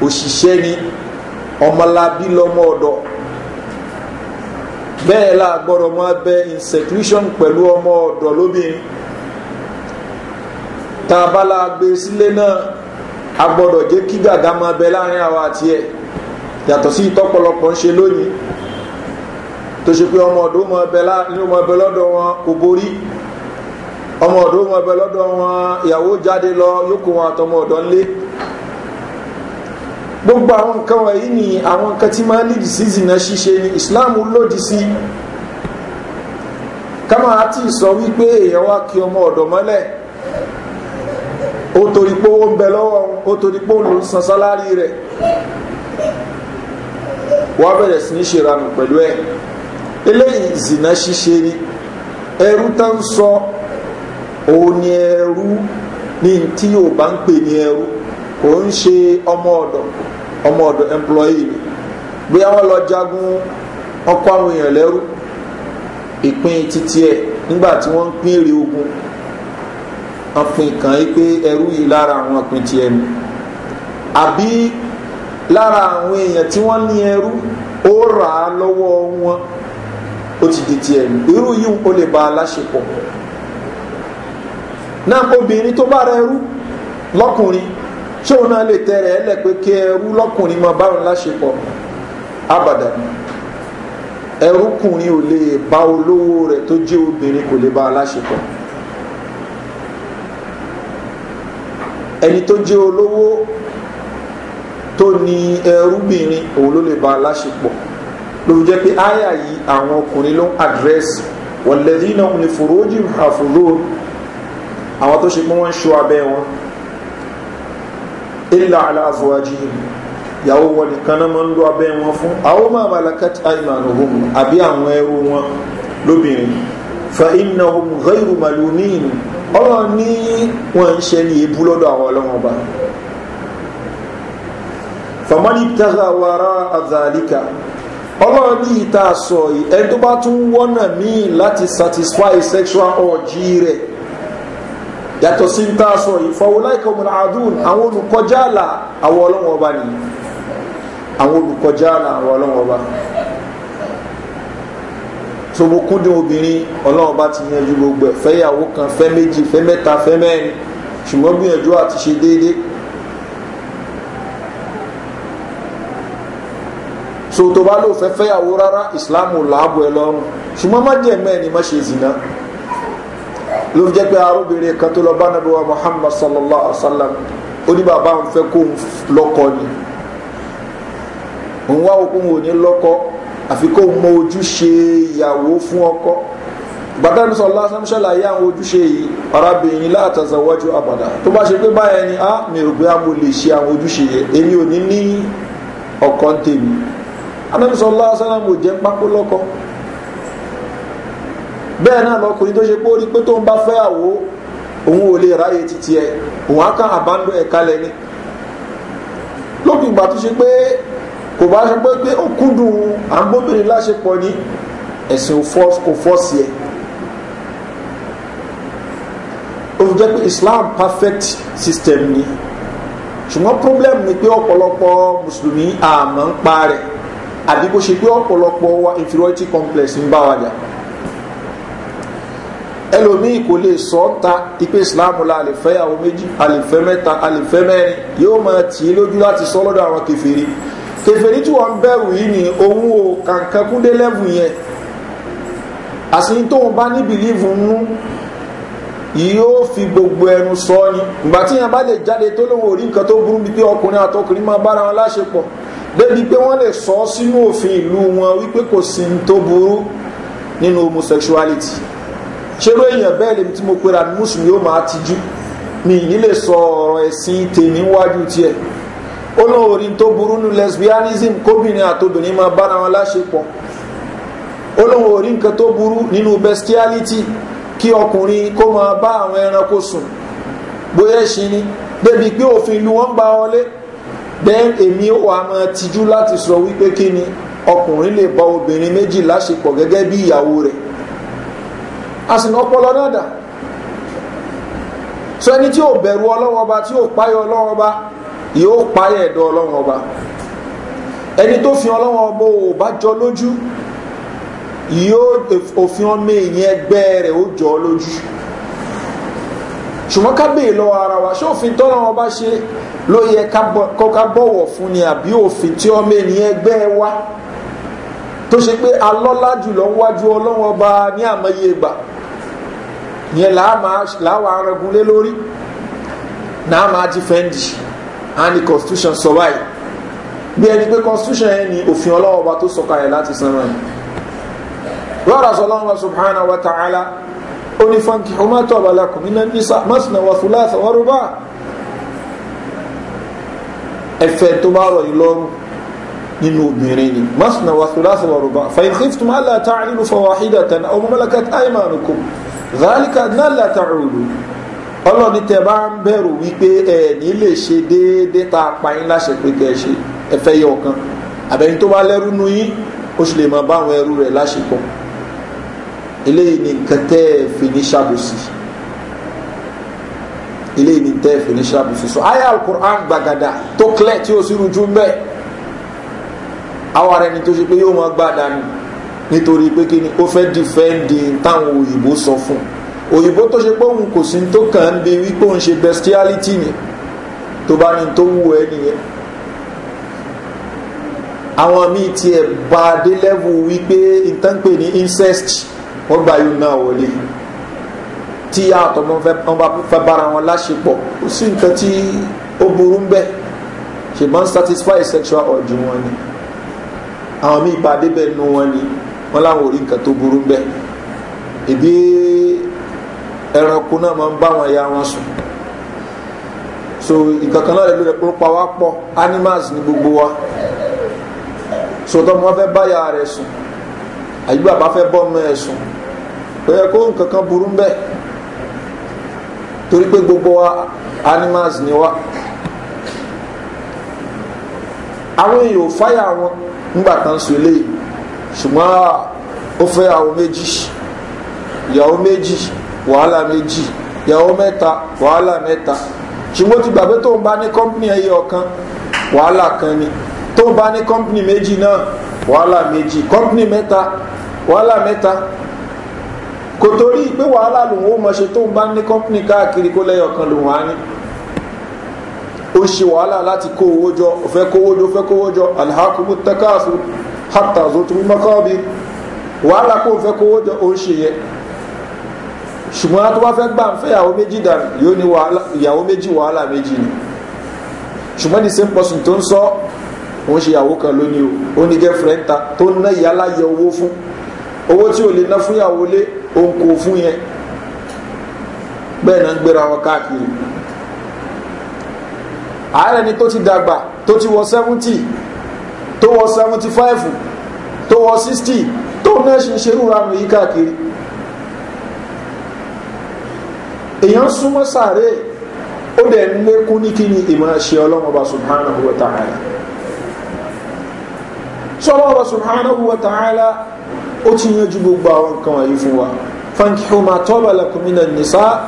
A: òṣìṣẹ́ ni ọmọlábí lọ́mọ ọ̀dọ̀ bẹ́ẹ̀ la gbọ́dọ̀ mọ́ abẹ inseclusion pẹ̀lú ọmọ ọ̀dọ̀ lóbìnrin tá a bá la gbé sílé náà a gbọ́dọ̀ jẹ́ kí gàgá mọ́ abẹ láàrin àwa àti ẹ̀ yàtọ̀ sí ìtọ́pọ̀lọpọ̀ ń ṣe lónìí tó ṣe pé ọmọ ọ̀dọ̀ mọ́ abẹ lọ́dọ̀ wọn kò borí ọmọ ọ̀dọ́ wọn ẹbẹ lọ́dọ̀ wọn ìyàwó jáde lọ yókù wọn àtọmọ ọ̀dọ́ ńlé gbogbo àwọn nǹkan wọ̀nyí ni àwọn nǹkan tí máa ń lè sí ìzìnà ṣíṣe ni islam lòdì sí kámá àti sọ wípé èèyàn wá kí ọmọ ọ̀dọ̀ mọ́lẹ̀ ó torí pé ó ń bẹ lọ́wọ́ ó torí pé ó ló ń san sálárì rẹ̀ wọ́n bẹ̀rẹ̀ sí ní ṣèrànù pẹ̀lú ẹ̀ eléyìí ìzìnà ṣíṣe ni ẹrú tán sọ òun ni ẹrú ní tí yóò bá ń pè ní ẹrú kò ń ṣe ọmọ ọ̀dọ̀ ọmọ ọ̀dọ̀ employee ni bóyá wọ́n lọ jagun ọkọ̀ àwọn èèyàn lẹ́rú ìpín títí ẹ̀ nígbà tí wọ́n ń pín èrè ogun wọ́n kan pé ẹrú yìí lára ti ẹnu àbí lára àwọn èèyàn tí wọ́n ní ẹrú ó rà á wọn ti di irú yìí ba náà obìnrin tó bá ra ẹrú lọ́kùnrin ṣé òun náà lè tẹ̀rẹ̀ ẹlẹ̀ pé kí ẹrú lọ́kùnrin máa bá òun láṣepọ̀ abàdà ẹrúkùnrin ò lè bá olówó rẹ̀ tó jẹ́ obìnrin kò lè bá a ẹni tó jẹ́ olówó tó ní ẹrúbìnrin òun ló lè bá a láṣepọ̀ ló pé áyà yìí àwọn ọkùnrin ló ń àdírẹ́sì wọ̀lẹ́dínà òun ni fòrójì àfòró àwọn tó ṣe pé wọ́n ń ṣọ́ abẹ́ wọn ilà aláàzọ́wájì ìyàwó wọn nìkan náà máa ń lo abẹ́ wọn fún àwọn máa bá lakati aimanu hom àbí àwọn ẹrú wọn lóbìnrin fa iná hom ghairu malumin ọ̀rọ̀ ní wọ́n ń ṣe ní ebú lọ́dọ̀ àwọn ọlọ́wọ́n ba famani taga wara azalika ọlọ́run ní ìta sọ ẹni tó bá tún wọ́nà míì láti satisfy sexual orgy rẹ̀ yàtọ̀ sí tá a sọ ìfọwọ́láìkọ̀ ọmọ àdúrà àwọn olùkọjá àlà àwọn ọlọ́wọ́n ọba nìyí àwọn olùkọjá àlà àwọn ọlọ́wọ́n ọba so mo kúndùn obìnrin ọlọ́wọ́n bá ti yanjú gbogbo ẹ̀ fẹ́yàwó kan fẹ́ méjì fẹ́ mẹ́ta fẹ́ mẹ́rin ṣùgbọ́n gbìyànjú àti ṣe déédéé so tó bá lò fẹ́ fẹ́yàwó rárá ìsìláàmù làábù ẹ lọ́rùn ṣùgbọ́n má jẹ́ mẹ́rin má ṣe zìnà. ló fi jẹ́ pé kan tó lọ bá nàbí wa muhammad sallallahu alaihi wa sallam ó ní bàbá òun fẹ́ kó òun lọ́kọ ni òun wá òkú òun ò ní lọ́kọ àfi kó mọ ojúṣe sọ lásán ṣàlàyé àwọn ojúṣe yìí arábìnrin látàzàwájú àbàdà tó bá ṣe pé báyẹn ni a ah, mi rò pé a mo lè ṣe àwọn ojúṣe yẹn èmi ò ní ní ọkọ ń tèmi lásán mo pápó bẹ́ẹ̀ náà lọkùnrin tó ṣe pé ó rí pé tó ń bá fẹ́ àwo òun ò lè ráyè títí ẹ òun á kàn àbándó ẹ̀ kalẹ̀ ni lópin ìgbà tó ṣe pé kò bá ṣe pé ó kúndùn à ń gbóbìnrin láṣepọ̀ ni ẹ̀sìn kò fọ́ọ̀sì ẹ̀ ó jẹ́ pé islam perfect system ni ṣùgbọ́n problem ni pé ọ̀pọ̀lọpọ̀ mùsùlùmí àmọ́ ń pa rẹ̀ àbí bó ṣe pé ọ̀pọ̀lọpọ̀ wa inferiority complex ń bá wa jà. Ja ẹlòmíì kò lè sọ ọ́ ta ipe islam la àlèfẹ́ àwọn méjì àlèfẹ́ mẹ́ta àlèfẹ́ mẹ́rin yóò máa tì í lójú láti sọ lọ́dọ̀ àwọn kẹfẹ́rí kẹfẹ́rí tí wọ́n ń bẹ̀rù yìí ni òun ò kàǹkankúndé lẹ́bù yẹn àsìyí tóun bá ní bìlíìfù nú yóò fi gbogbo ẹnu sọ ni ìgbà tí yẹn bá lè jáde tó lóun ò rí nǹkan tó burú bíi pé ọkùnrin àtọkùnrin máa bára wọn láṣepọ̀ débi pé wọ́n lè sọ sínú òfin ìlú wọn wípé kò sí ní tó burú nínú homosexuality ṣerú èèyàn bẹ́ẹ̀ lèmi tí mo pera ní mùsùlùmí ó máa tijú mi yìí lè sọ ọ̀rọ̀ ẹ̀sìn tèmi wájú tiẹ̀ ó lóun orí tó burú nu lesbianism kóbìnrin àtobìnrin máa bára wọn láṣepọ̀ ó lóun orí nǹkan tó burú nínú bestiality kí ọkùnrin kó máa bá àwọn ẹranko sùn bóyá ẹṣin ni débi pé òfin ìlú wọn gba ọlé then èmi ó wà máa tijú láti sọ wípé kí ni ọkùnrin lè bá obìnrin méjì láṣepọ̀ gẹ́gẹ́ bí ìyàwó rẹ̀ a sì ní ọpọlọ náà dà so ẹni tí ò bẹ̀rù ọlọ́wọ́ ọba tí ò páyọ ọlọ́wọ́ ọba yóò páyọ ẹ̀dọ́ ọlọ́wọ́ ọba ẹni tó fi ọlọ́wọ́ ọba ò bá jọ lójú yóò òfin ọmọ èèyàn ẹgbẹ́ rẹ̀ ó jọ lójú ṣùgbọ́n ká bèè lọ ara wa ṣé òfin tọ́lọ́ wọn bá ṣe ló yẹ ká bọ̀wọ̀ fún ni àbí òfin tí ọmọ ènìyàn ẹgbẹ́ wa tó ṣe pé alọ́lá jùlọ wájú ọlọ́wọ́n ní àmọye ìgbà yẹn láwà arangun lé lórí náà máa dífẹ́ǹdì and the constitution sọ báyìí bí ẹni pé constitution yẹn ni òfin ọlọ́wọ́ba tó sọkalẹ̀ láti sanra ni lọ́ra sọ lọ́wọ́ subhanahu wa ta'ala ó ní fọ́nkì ọmọ tọ́ba lakumina nisa masina wa thulatha wa ruba' ẹfẹ tó bá rọ yìí lọrùn nínú obìnrin ni masina wa thulatha wa ruba' fa in khiftum alla ta'dilu fawahidatan aw ma malakat aymanukum zálíkà náà látàrúurú ọlọ́ni tẹ bá ń bẹ̀rù wípé ẹ̀ẹ̀ní lè ṣe déédéé tá a pa yín láṣẹ pé kẹ́ ẹ ṣe ẹfẹ́ yẹ ọ̀kan àbẹ̀yìn tó bá lẹ́rú nu yín ó sì lè mọ báwọn ẹrú rẹ̀ láṣepọ̀ eléyìí ni nǹkan tẹ́ ẹ fi ní ṣàbùsì eléyìí ni tẹ́ ẹ fi ní ṣàbùsì so aya alukur'an gbàgàdà tó clear tí ó sì rújú ń bẹ́ẹ̀ àwọn ara ẹni tó ṣe pé yóò mọ gbàdánù nítorí pé kí ni ó fẹ́ dìfẹ́ǹdì táwọn òyìnbó sọ fún un òyìnbó tó ṣe pé òun kò sí tó kàn ń bi wípé òun ṣe bestiality ni tó bá ní tó wù ẹ́ nìyẹn àwọn míì tiẹ̀ bá a dé lẹ́wù wípé ìtànpè ní incest wọ́n gbà yóò náà wọlé tí ìyá àtọmọ fẹ́ bára wọn láṣepọ̀ kò sí nǹkan tí ó burú ń bẹ́ẹ̀ ṣùgbọ́n satisfy sexual urge wọn ni àwọn míì bá a débẹ̀ nu wọn ni wọ́n láwọn ò nǹkan tó burú ń bẹ́ẹ̀ ìbí ẹranko náà máa ń bá wọn ya wọn sùn so ìkankan náà lè lórí ẹ̀pọ̀ pa wá pọ̀ animals ní gbogbo wa so tọ́mọ wọn fẹ́ bá ya rẹ̀ sùn àyè bàbá fẹ́ bọ́ ọmọ ẹ̀ sùn ó yẹ kó nkankan burú ń bẹ̀ torí pé gbogbo wa animals ni wa àwọn èèyàn ò fáyà wọn nígbà tán sùn eléyìí ṣùgbọ́n ó fẹ́ àwọn méjì ìyàwó méjì wàhálà méjì ìyàwó mẹ́ta wàhálà mẹ́ta ṣùgbọ́n ti gbàgbé tó ń bá ní kọ́mpìnì ẹyẹ ọ̀kan wàhálà kan ni tó ń bá ní kọ́mpìnì méjì náà wàhálà méjì kọ́mpìnì mẹ́ta wàhálà mẹ́ta kò torí pé wàhálà lòun ó mọṣe tó ń bá ní kọ́mpìnì káàkiri kó lẹ́yọ̀ kan lòun á ní ó ṣe wàhálà láti kó owó jọ òfẹ́ kówó jọ òfẹ́ kówó jọ alhakumu takasu hatta wàhálà kó òfẹ́ kówó jọ ó ń ṣe yẹ ṣùgbọ́n tó bá fẹ́ gbà ń fẹ́ ìyàwó méjì dànù yóò ní ìyàwó méjì wàhálà méjì ni ṣùgbọ́n ní same person tó ń sọ òun ṣe ìyàwó kan lónìí o ó ní girlfriend ta tó ń ná ìyá láyẹ owó fún owó tí ò lè ná fún ìyàwó lé òun kò fún yẹn bẹ́ẹ̀ náà ń gbéra wọn káàkiri ààrẹ ni tó ti dàgbà tó ti wọ 70 tó wọ 75 tó wọ 60 tó náà ṣe ń ṣerú ranù yìí káàkiri èèyàn súnmọ́ sáré ó dẹ̀ ń lékún ní kí ni ìmọ̀ ṣe ọlọ́mọba subhanahu wa ta'ala sọlọ́wọ́ subhanahu wa ta'ala ó ti yanjú gbogbo àwọn nǹkan wọ̀nyí fún wa fankihu ma tọ́ba lakumina nisa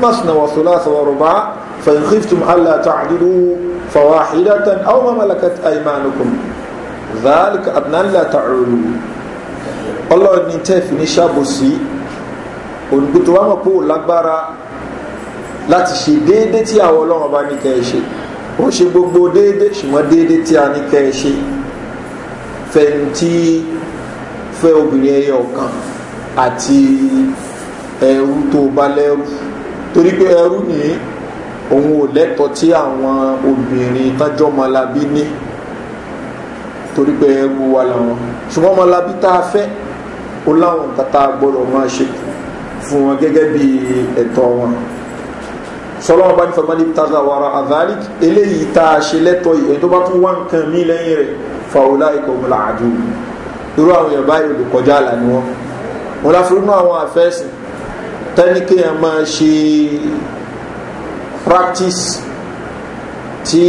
A: masna wa thulatha wa ruba fa in khiftum alla ta'dilu fawahidatan aw ma malakat aymanukum dhalika adnan la ta'ulu ọlọ́run tẹ́ẹ̀fì ní ṣàbòsí òǹgbò tó mọ̀ pé ò lágbára láti ṣe déédé tí àwọn ọlọ́run bá ní kẹ́ ẹ ṣe ó ṣe gbogbo déédé ṣùgbọ́n déédé tí a ní kẹ́ ẹ ṣe fẹ̀yìntì fẹ́ obìnrin ẹyẹ ọ̀kan àti ẹrú tó bá lẹ́rú torí pé ẹrú ní òun ò lẹ́tọ̀ tí àwọn obìnrin tọ́jọ́ mọ́lábí ní torí pé ẹrú wà láwọn ṣùgbọ́n mọ́lábí tá a fẹ́ ó láwọn nǹkan gbọ́dọ̀ máa ṣe fún wọn gẹ́gẹ́ bí ẹ̀tọ́ wọn sọlọ́wọ́n bá ní famani taza wàrà adalik eléyìí tá a ṣe lẹ́tọ̀ yìí ẹni tó bá tún wá nǹkan mí lẹ́yìn rẹ̀ fàwọlá ikọ̀ ọmọlá àdú irú àwọn èèyàn báyìí olùkọjá àlà ni wọn wọn la fúrú náà àwọn àfẹ́sìn tẹ́nikẹ́yàn máa ṣe practice tí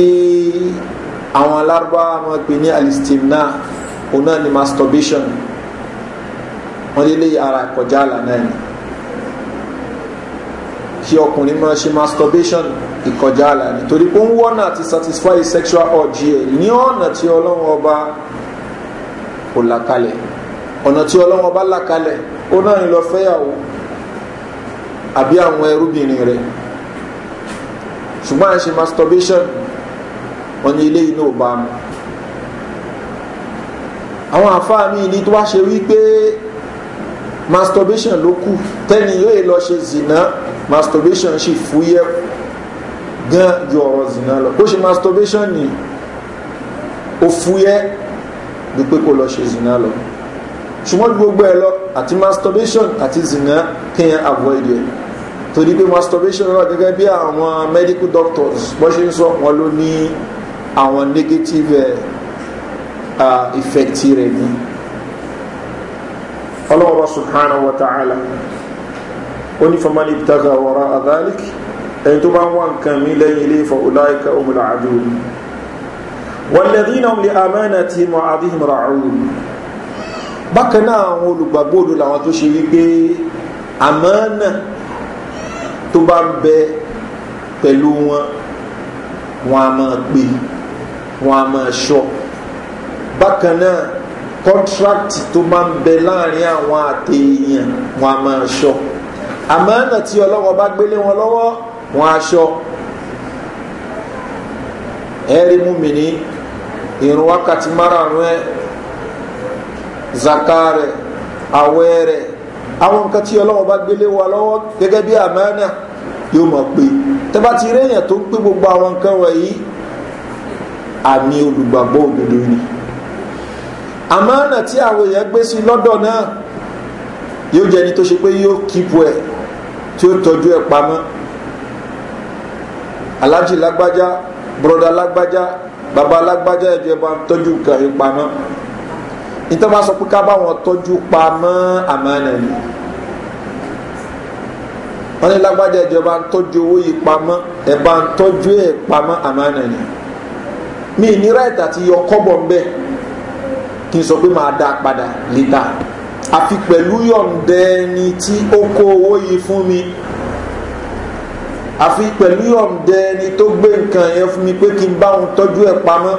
A: àwọn alárúbá máa pè ní alistimna òun ni masturbation wọn lé lé ara kọjá àlà náà ni kí ọkùnrin máa ṣe masturbation ìkọjá àlà nítorí pé ó ń wọ́nà àti satisfy sexual urge ẹ̀ ní ọ̀nà tí ọlọ́run ọba kò làkalẹ̀ ọ̀nà tí ọlọ́run ọba làkalẹ̀ ó náà ń lọ fẹ́yàwó àbí àwọn ẹrúbìnrin rẹ̀ ṣùgbọ́n à ń ṣe masturbation wọn ni ilé inú ọba mu àwọn àfáà mi ní tó wá ṣe wípé masturbation ló kù tẹ́ni yóò lọ ṣe zìnà masturbation ṣì fúyẹ́ gan ju ọ̀rọ̀ zina lọ bó ṣe masturbation ni ó fúyẹ́ bí pé kò lọ ṣe zina lọ ṣùgbọ́n gbogbo ẹ̀ lọ àti masturbation àti zina kéèyàn avoid ẹ̀ torí pé masturbation náà gẹ́gẹ́ bí àwọn medical doctors bó ṣe ń sọ wọn ló ní àwọn negative eh, effect rẹ̀ ni ọlọ́wọ́ subhanahu wa ta'ala ó ní fọmọ ní ìbítàkà wọ̀rọ̀ àdáríkì ẹni tó bá ń wá nǹkan mi lẹ́yìn ilé ìfọ̀ ọláìka òmùlà àdúró wàlẹ́dínà òmùlẹ̀ àmánà ti mọ̀ àdíhìn rà ọ̀rùn bákan náà àwọn olùgbàgbọ́ odò làwọn tó ṣe wípé àmánà tó bá ń bẹ pẹ̀lú wọn wọn a máa pè wọn a máa ṣọ bákan náà kọ́ńtrákìtì tó máa ń bẹ láàrin àwọn àtẹ̀yìn wọn a máa ṣọ àmọ́nà tí ọlọ́wọ́ bá gbélé wọn lọ́wọ́ wọn aṣọ ẹ̀rí mú mi ní ìrún wákàtí márààrún ẹ̀ zaka rẹ̀ àwẹ̀ rẹ̀ àwọn nǹkan tí ọlọ́wọ́ bá gbélé wọn lọ́wọ́ gẹ́gẹ́ bí àmọ́nà yóò mọ̀ pé tẹ́bá ti réyàn tó ń pé gbogbo àwọn nǹkan wọ̀nyí àmì olùgbàgbọ́ òdodo ni àmọ́nà tí àwọn èèyàn gbé sí lọ́dọ̀ náà yóò jẹ́ ẹni tó ṣe pé yóò kípo ẹ̀ tí ó tọ́jú ẹ̀ pamọ́ alájì lágbájá bọ́dà lágbájá bàbá lágbájá ẹ̀jọ̀ ẹ̀ bá ń tọ́jú nǹkan yìí pamọ́ nítorí wọn sọ pé ká bá wọn tọ́jú pamọ́ àmàna yìí wọn ní lágbájá ẹ̀jọ̀ bá ń tọ́jú owó yìí pamọ́ ẹ̀ bá ń tọ́jú ẹ̀ pamọ́ àmàna yìí mi ìnira ẹ̀ta ti yọ kọ́bọ̀ ń bẹ́ẹ̀ kí n sọ pé máa dá a padà lítà àfi pẹ̀lú yọ̀ǹdẹ ẹni tí ó kó owó yìí fún mi àfi pẹ̀lú yọ̀ǹdẹ ẹni tó gbé nǹkan yẹn fún mi pé kí n bá òun tọ́jú ẹ̀ pamọ́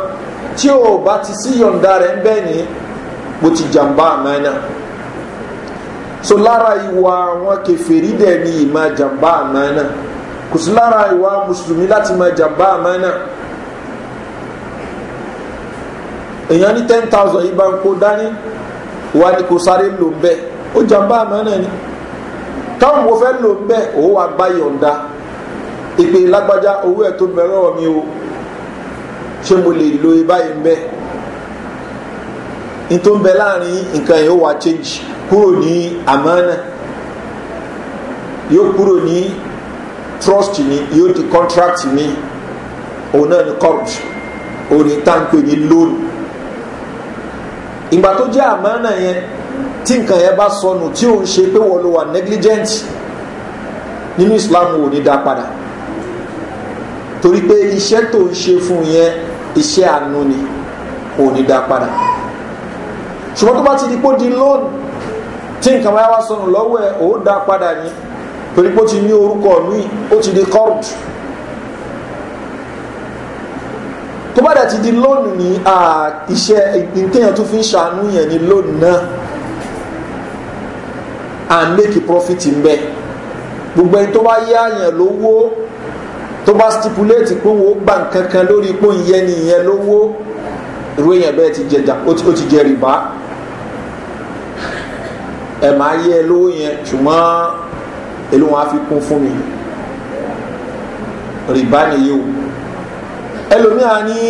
A: tí ò bá ti sí yọ̀ǹda rẹ̀ ń bẹ̀ ní bó ti jàǹbá àmánà so lára ìwà àwọn kẹfẹ́rí dẹ̀ ni ìmọ̀ jàǹbá àmánà kò sí lára ìwà mùsùlùmí láti mọ̀ jàǹbá àmánà èèyàn ní ten thousand yìí bá ń kó dání wà ní kò sáré lò ń bẹ́ ó jàmbá àmánà ni táwọn mo fẹ́ lò ń bẹ́ òun wà gba yọ̀ǹda ìpè lágbájá owó ẹ̀ tó bẹ̀rẹ̀ ọ̀ mi o ṣé mo lè lo ibáyìí ń bẹ́ n tó ń bẹ láàrin nǹkan yìí ó wà change kúrò ní àmánà yóò kúrò ní trust ni yóò di contract ni òun náà ni corrupt òun ni tá à ń pè loan ìgbà tó jẹ́ àmánà yẹn tí nǹkan yẹn bá sọnù tí ò ń ṣe pé wọ́n ló wà negligent nínú islam ò ní dá padà torí pé iṣẹ́ tó ń ṣe fún yẹn iṣẹ́ àánú ni ò ní dá padà ṣùgbọ́n tó bá ti di pé ó di lónìí tí nǹkan bá wá sọnù lọ́wọ́ ẹ̀ ò dá padà ni torí pé ti ní orúkọ míì ó ti di kọ́ọ̀dù tó bá dẹ̀ ti di lónìí ní iṣẹ́ ìpínkéyàn tó fi ń ṣàánú yẹn ní lónìí náà and make a profit in bẹ́ẹ̀ gbogbo ẹni tó bá yá yẹn lówó tó bá stipulate pé wo gbà nǹkan kan lórí pé òun yẹ nìyẹn lówó irú èèyàn bẹ́ẹ̀ ti jẹjà ó ti jẹ rìbá ẹ̀ máa yẹ lówó yẹn ṣùgbọ́n èlò wọn á fi kún fún mi rìbá nìyí o ẹlòmíà ní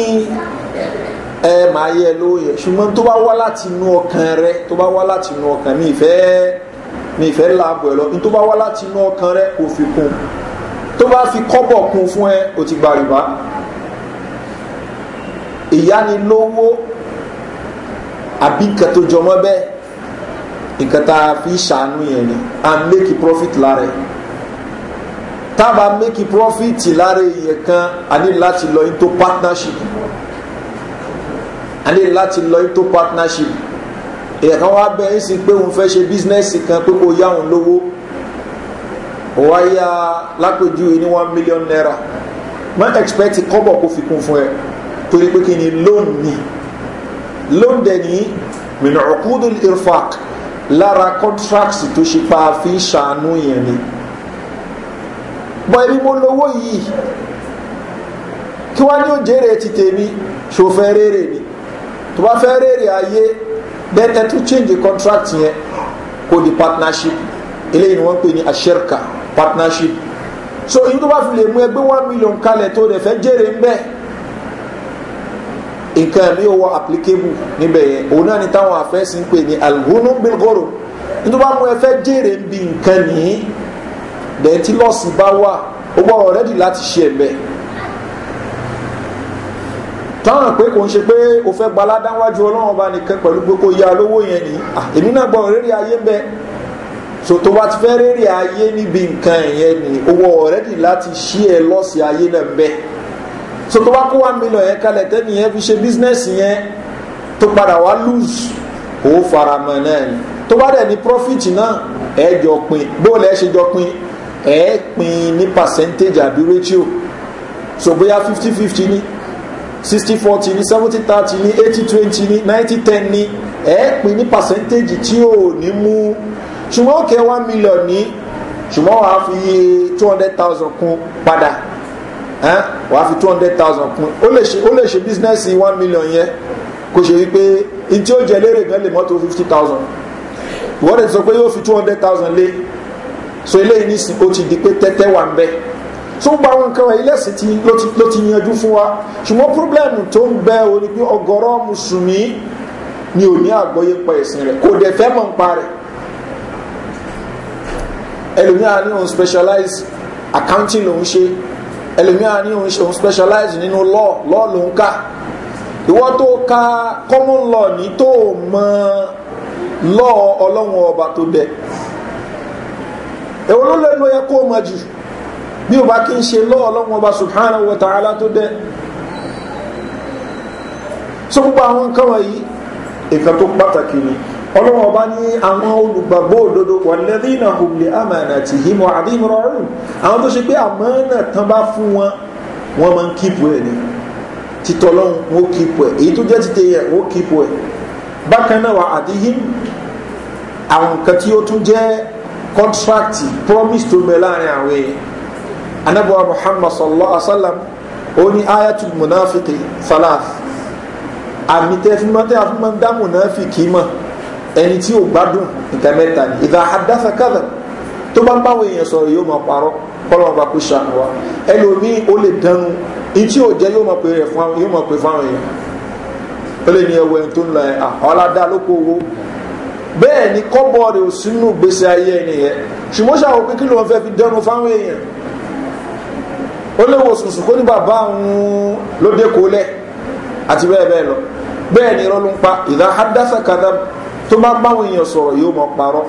A: ẹ máa yẹ lóye ṣùgbọ́n tó bá wá láti inú ọkàn rẹ tó bá wá láti inú ọkàn mi ìfẹ́ mi ìfẹ́ láàbọ̀ ẹ lọ ní tó bá wá láti inú ọkàn rẹ kò fi kún tó bá fi kọ́bọ̀ kún fún ẹ o ti gba rìbá ìyánilówó àbí nǹkan tó jọmọ́ bẹ́ẹ̀ nǹkan tá a fi ṣàánú yẹn ni and make a profit lára ẹ̀ tábà mẹ́kì prọ́fìtì lára èèyàn kan a ní láti lọ into partnership a ní láti lọ into partnership èèyàn kan wá bẹ́ẹ̀ sí pé òun fẹ́ ṣe bísínẹ́sì kan pé kò yá òun lówó ó wá yá lápèjúwe ní one million naira má expect kọ́bọ̀ kó fi kún fún ẹ torí pé kí ni loan ni loan dẹ̀ ní mìnà ọ̀kúndùn irfak lára contracts tó ṣe pa fi ṣàánú yẹn ni bọ̀ ẹbí mo lówó yìí kí wá ní òjèrè ti tèmi ṣò fẹ́ rèrè ni tó bá fẹ́ rèrè ayé then ẹ change contract yẹn kó di partnership eléyìí ni wọ́n pè ní asherka partnership so èyí tó bá fi lè mú ẹgbẹ́ one million kalẹ̀ tó rẹ̀ fẹ́ jèrè ń bẹ́ẹ̀ nǹkan mi ò wọ applicable níbẹ̀ yẹn òun náà ni táwọn afẹ́sìn pè ní alhunu bilgoro nítorí wọn mú ẹ fẹ́ jèrè ń bi nǹkan nìyí dẹ̀ tí lọ́ọ̀sì bá wà ó gbọ́dọ̀ rẹ́dì láti ṣe ẹ̀mẹ́ táwọn pé kò ń ṣe pé o fẹ́ gbaládáwájú ọlọ́run ọba nìkan pẹ̀lú gbogbo ya lówó yẹn ni ah, èmi náà gbọ́dọ̀ rẹ́rì ayé ń bẹ so tó bá ti fẹ́ rẹ́rì ayé níbi nǹkan ẹ̀yẹn ni owó ọ̀rẹ́dì láti ṣí ẹ lọ́ọ̀sì ayé náà ń bẹ so tó bá kó one million yẹn kalẹ̀ tẹ́ni yẹn fi ṣe business yẹn tó padà wá lose òun faramọ̀ náà ni tó bá dẹ̀ ní profit náà ẹ̀ jọ pin bó lẹ́ ṣe jọ pin ẹ pin ní percentage àbí ratio so bóyá fifty fifty ní sixty forty ní seventy thirty ní eighty twenty ní ninety ten ní ẹ pin ní percentage tí ò ní mú ṣùgbọ́n ó kẹ́ one million ní ṣùgbọ́n wàá fi two hundred thousand kún padà wàá fi two hundred thousand kún ó lè ṣe ó lè ṣe business one million yẹn kò ṣe wípé n tí ó jẹ lérè gan lè mọ́tò fifty thousand ìwọ́n lè sọ pé yóò fi two hundred thousand lé so eléyìí nísìn ó ti di pé tẹ́tẹ́ wà ń bẹ́ tó gba àwọn nǹkan wọ̀nyí lẹ́sìn tí ló ti yanjú fún wa ṣùgbọ́n pírọ́blẹ́mù tó ń bẹ o ni pé ọgọ́rọ́ mùsùlùmí ni ò ní àgbọ́yé pa ẹ̀sìn rẹ̀ kò dẹ̀ fẹ́ mọ̀ ń pa rẹ̀ ẹlòmíà ní òun specialize accounting lòun ṣe ẹlòmíà ní òun specialize nínú law law lòun kà ìwọ́n tó ka common law ní tó mọ law ọlọ́run ọba tó dẹ̀ èwo ló lẹ́nu yẹ kó mọ jù bí o bá kí n ṣe lọ́wọ́ lọ́wọ́ ọba subhanahu wa ta'ala tó dẹ́ so gbogbo àwọn nǹkan wọ̀nyí nǹkan tó pàtàkì ni ọlọ́wọ́ ọba ní àwọn olùgbàgbọ́ òdodo wàlẹ́dínà hùlẹ̀ àmàna tì í mọ àdínrọ̀ ọ̀rùn àwọn tó ṣe pé àmọ́nà tán bá fún wọn wọn máa ń kíìpù ẹ̀ ni títọ́ lọ́hùn wọn ó kíìpù ẹ̀ èyí tó jẹ́ títẹ̀ yẹ ó kíìpù ẹ̀ bákan náà wà àdíhìn àwọn nǹkan tí ó tún jẹ́ contract promise to bẹ láàrin àwọn èèyàn anabuwa muhammad sallallahu alaihi wasallam. sallam ó ní ayatul munafiki salaf àmì tẹfimọ́tẹ́ àfimọ́dá munafiki mọ́ ẹni tí ò gbádùn ni ìdá àdáfà kàdà tó bá ń báwọn èèyàn sọ̀rọ̀ yóò máa parọ́ kọ́lọ́wọ́n bá kú ṣàánú wa ẹlòmíì ó lè dẹnu ní tí ò jẹ́ yóò máa pè fáwọn èèyàn ó lè ní ẹwọ ẹni tó ń lọ ẹ̀ àwọn bẹ́ẹ̀ ni kọ́bọ̀ ò sínú gbèsè ayé ẹni yẹn ṣùgbọ́n ṣàwọn pé kí ló fẹ́ fi dẹnu fáwọn èèyàn ó léwo sùnsùn kó ní bàbá òun ló dé kó lẹ̀ àti bẹ́ẹ̀ bẹ́ẹ̀ lọ bẹ́ẹ̀ ni irọ́ ló ń pa tó bá báwọn èèyàn sọ̀rọ̀ yóò mọ̀ parọ́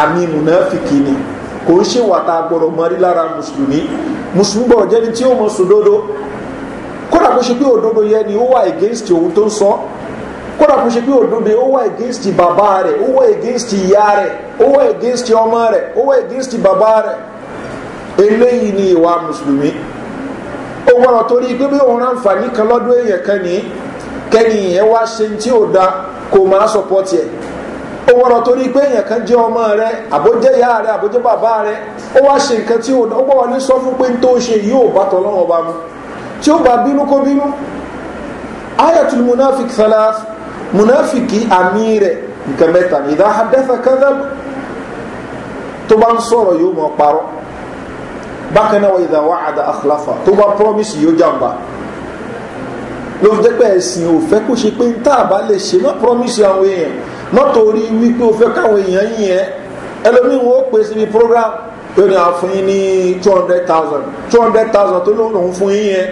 A: àmì mùnàfìkì ni kò kódà kò ṣe pé òdodo ó wà against bàbá rẹ̀ ó wà against ìyá rẹ̀ ó wà against ọmọ rẹ̀ ó wà against bàbá rẹ̀ eléyìí ni ìwà mùsùlùmí ó gbọ́dọ̀ torí pé bí òun ráǹfààní kan lọ́dún èèyàn kan ní kẹ́ni ìyẹn wá ṣe tí ò da kò máa sọpọ́tì ẹ̀ ó gbọ́dọ̀ torí pé èèyàn kan jẹ́ ọmọ rẹ àbójẹ́ ìyá rẹ àbójẹ́ bàbá rẹ ó wá ṣe nǹkan tí ò da ó gbọ́dọ̀ ní sọ fún pé tó ṣe yóò bá tọ́lọ́wọ́ bá mu tí ó bá bínú kó bínú ayatul munafik thalath munafiki amire rẹ̀ nǹkan mẹ́ta ní ìdá haddatha kadhab tó bá ń sọ̀rọ̀ yóò mọ̀ parọ́ bákan náà ìdá wa'ada akhlafa tó bá promise yóò jàǹbá ló fi jẹ́ pé ẹ̀sìn ò ba kó ṣe pé ń tá àbá lè ṣe má promise àwọn èèyàn má torí wípé o fẹ́ káwọn èèyàn yìn ẹ́ ẹlòmíì wọn ó pè síbi program tó ní àfún yín two hundred thousand two hundred thousand tó lóun fún yín yẹn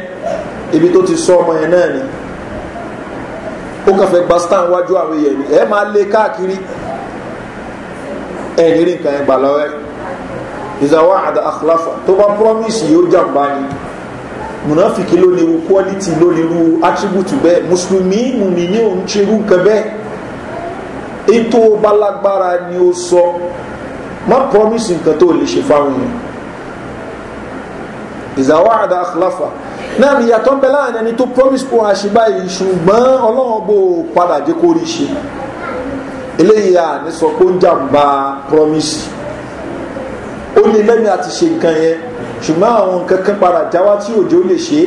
A: ibi tó ti sọ ọmọ yẹn náà ó kàn fẹ́ gba stan wájú àwọn èèyàn ni ẹ máa lé káàkiri ẹ̀yìn rí nǹkan ẹgbà lọ́wẹ́ ìzàwọ́ àdá àkùláfà tó bá promise yóò jàmbá ni munafiki ló léwu quality ló léwu attribute bẹ́ẹ̀ mùsùlùmí mùmí ní òun ṣerú nǹkan bẹ́ẹ̀ ètò balagbára ni ó sọ má promise nǹkan tó lè ṣe fáwọn èèyàn ìzàwọ́ àdá àkùláfà náà ni ìyàtọ̀ ń bẹ láàrin ẹni tó promise kó àṣìbá yìí ṣùgbọ́n ọlọ́run bò padà jẹ́ kó rí ṣe eléyìí à ní sọ pé ó ń jàǹbá promise ó ní lẹ́mí àti ṣe nǹkan yẹn ṣùgbọ́n àwọn nǹkan kan padà jáwá tí òjò lè ṣe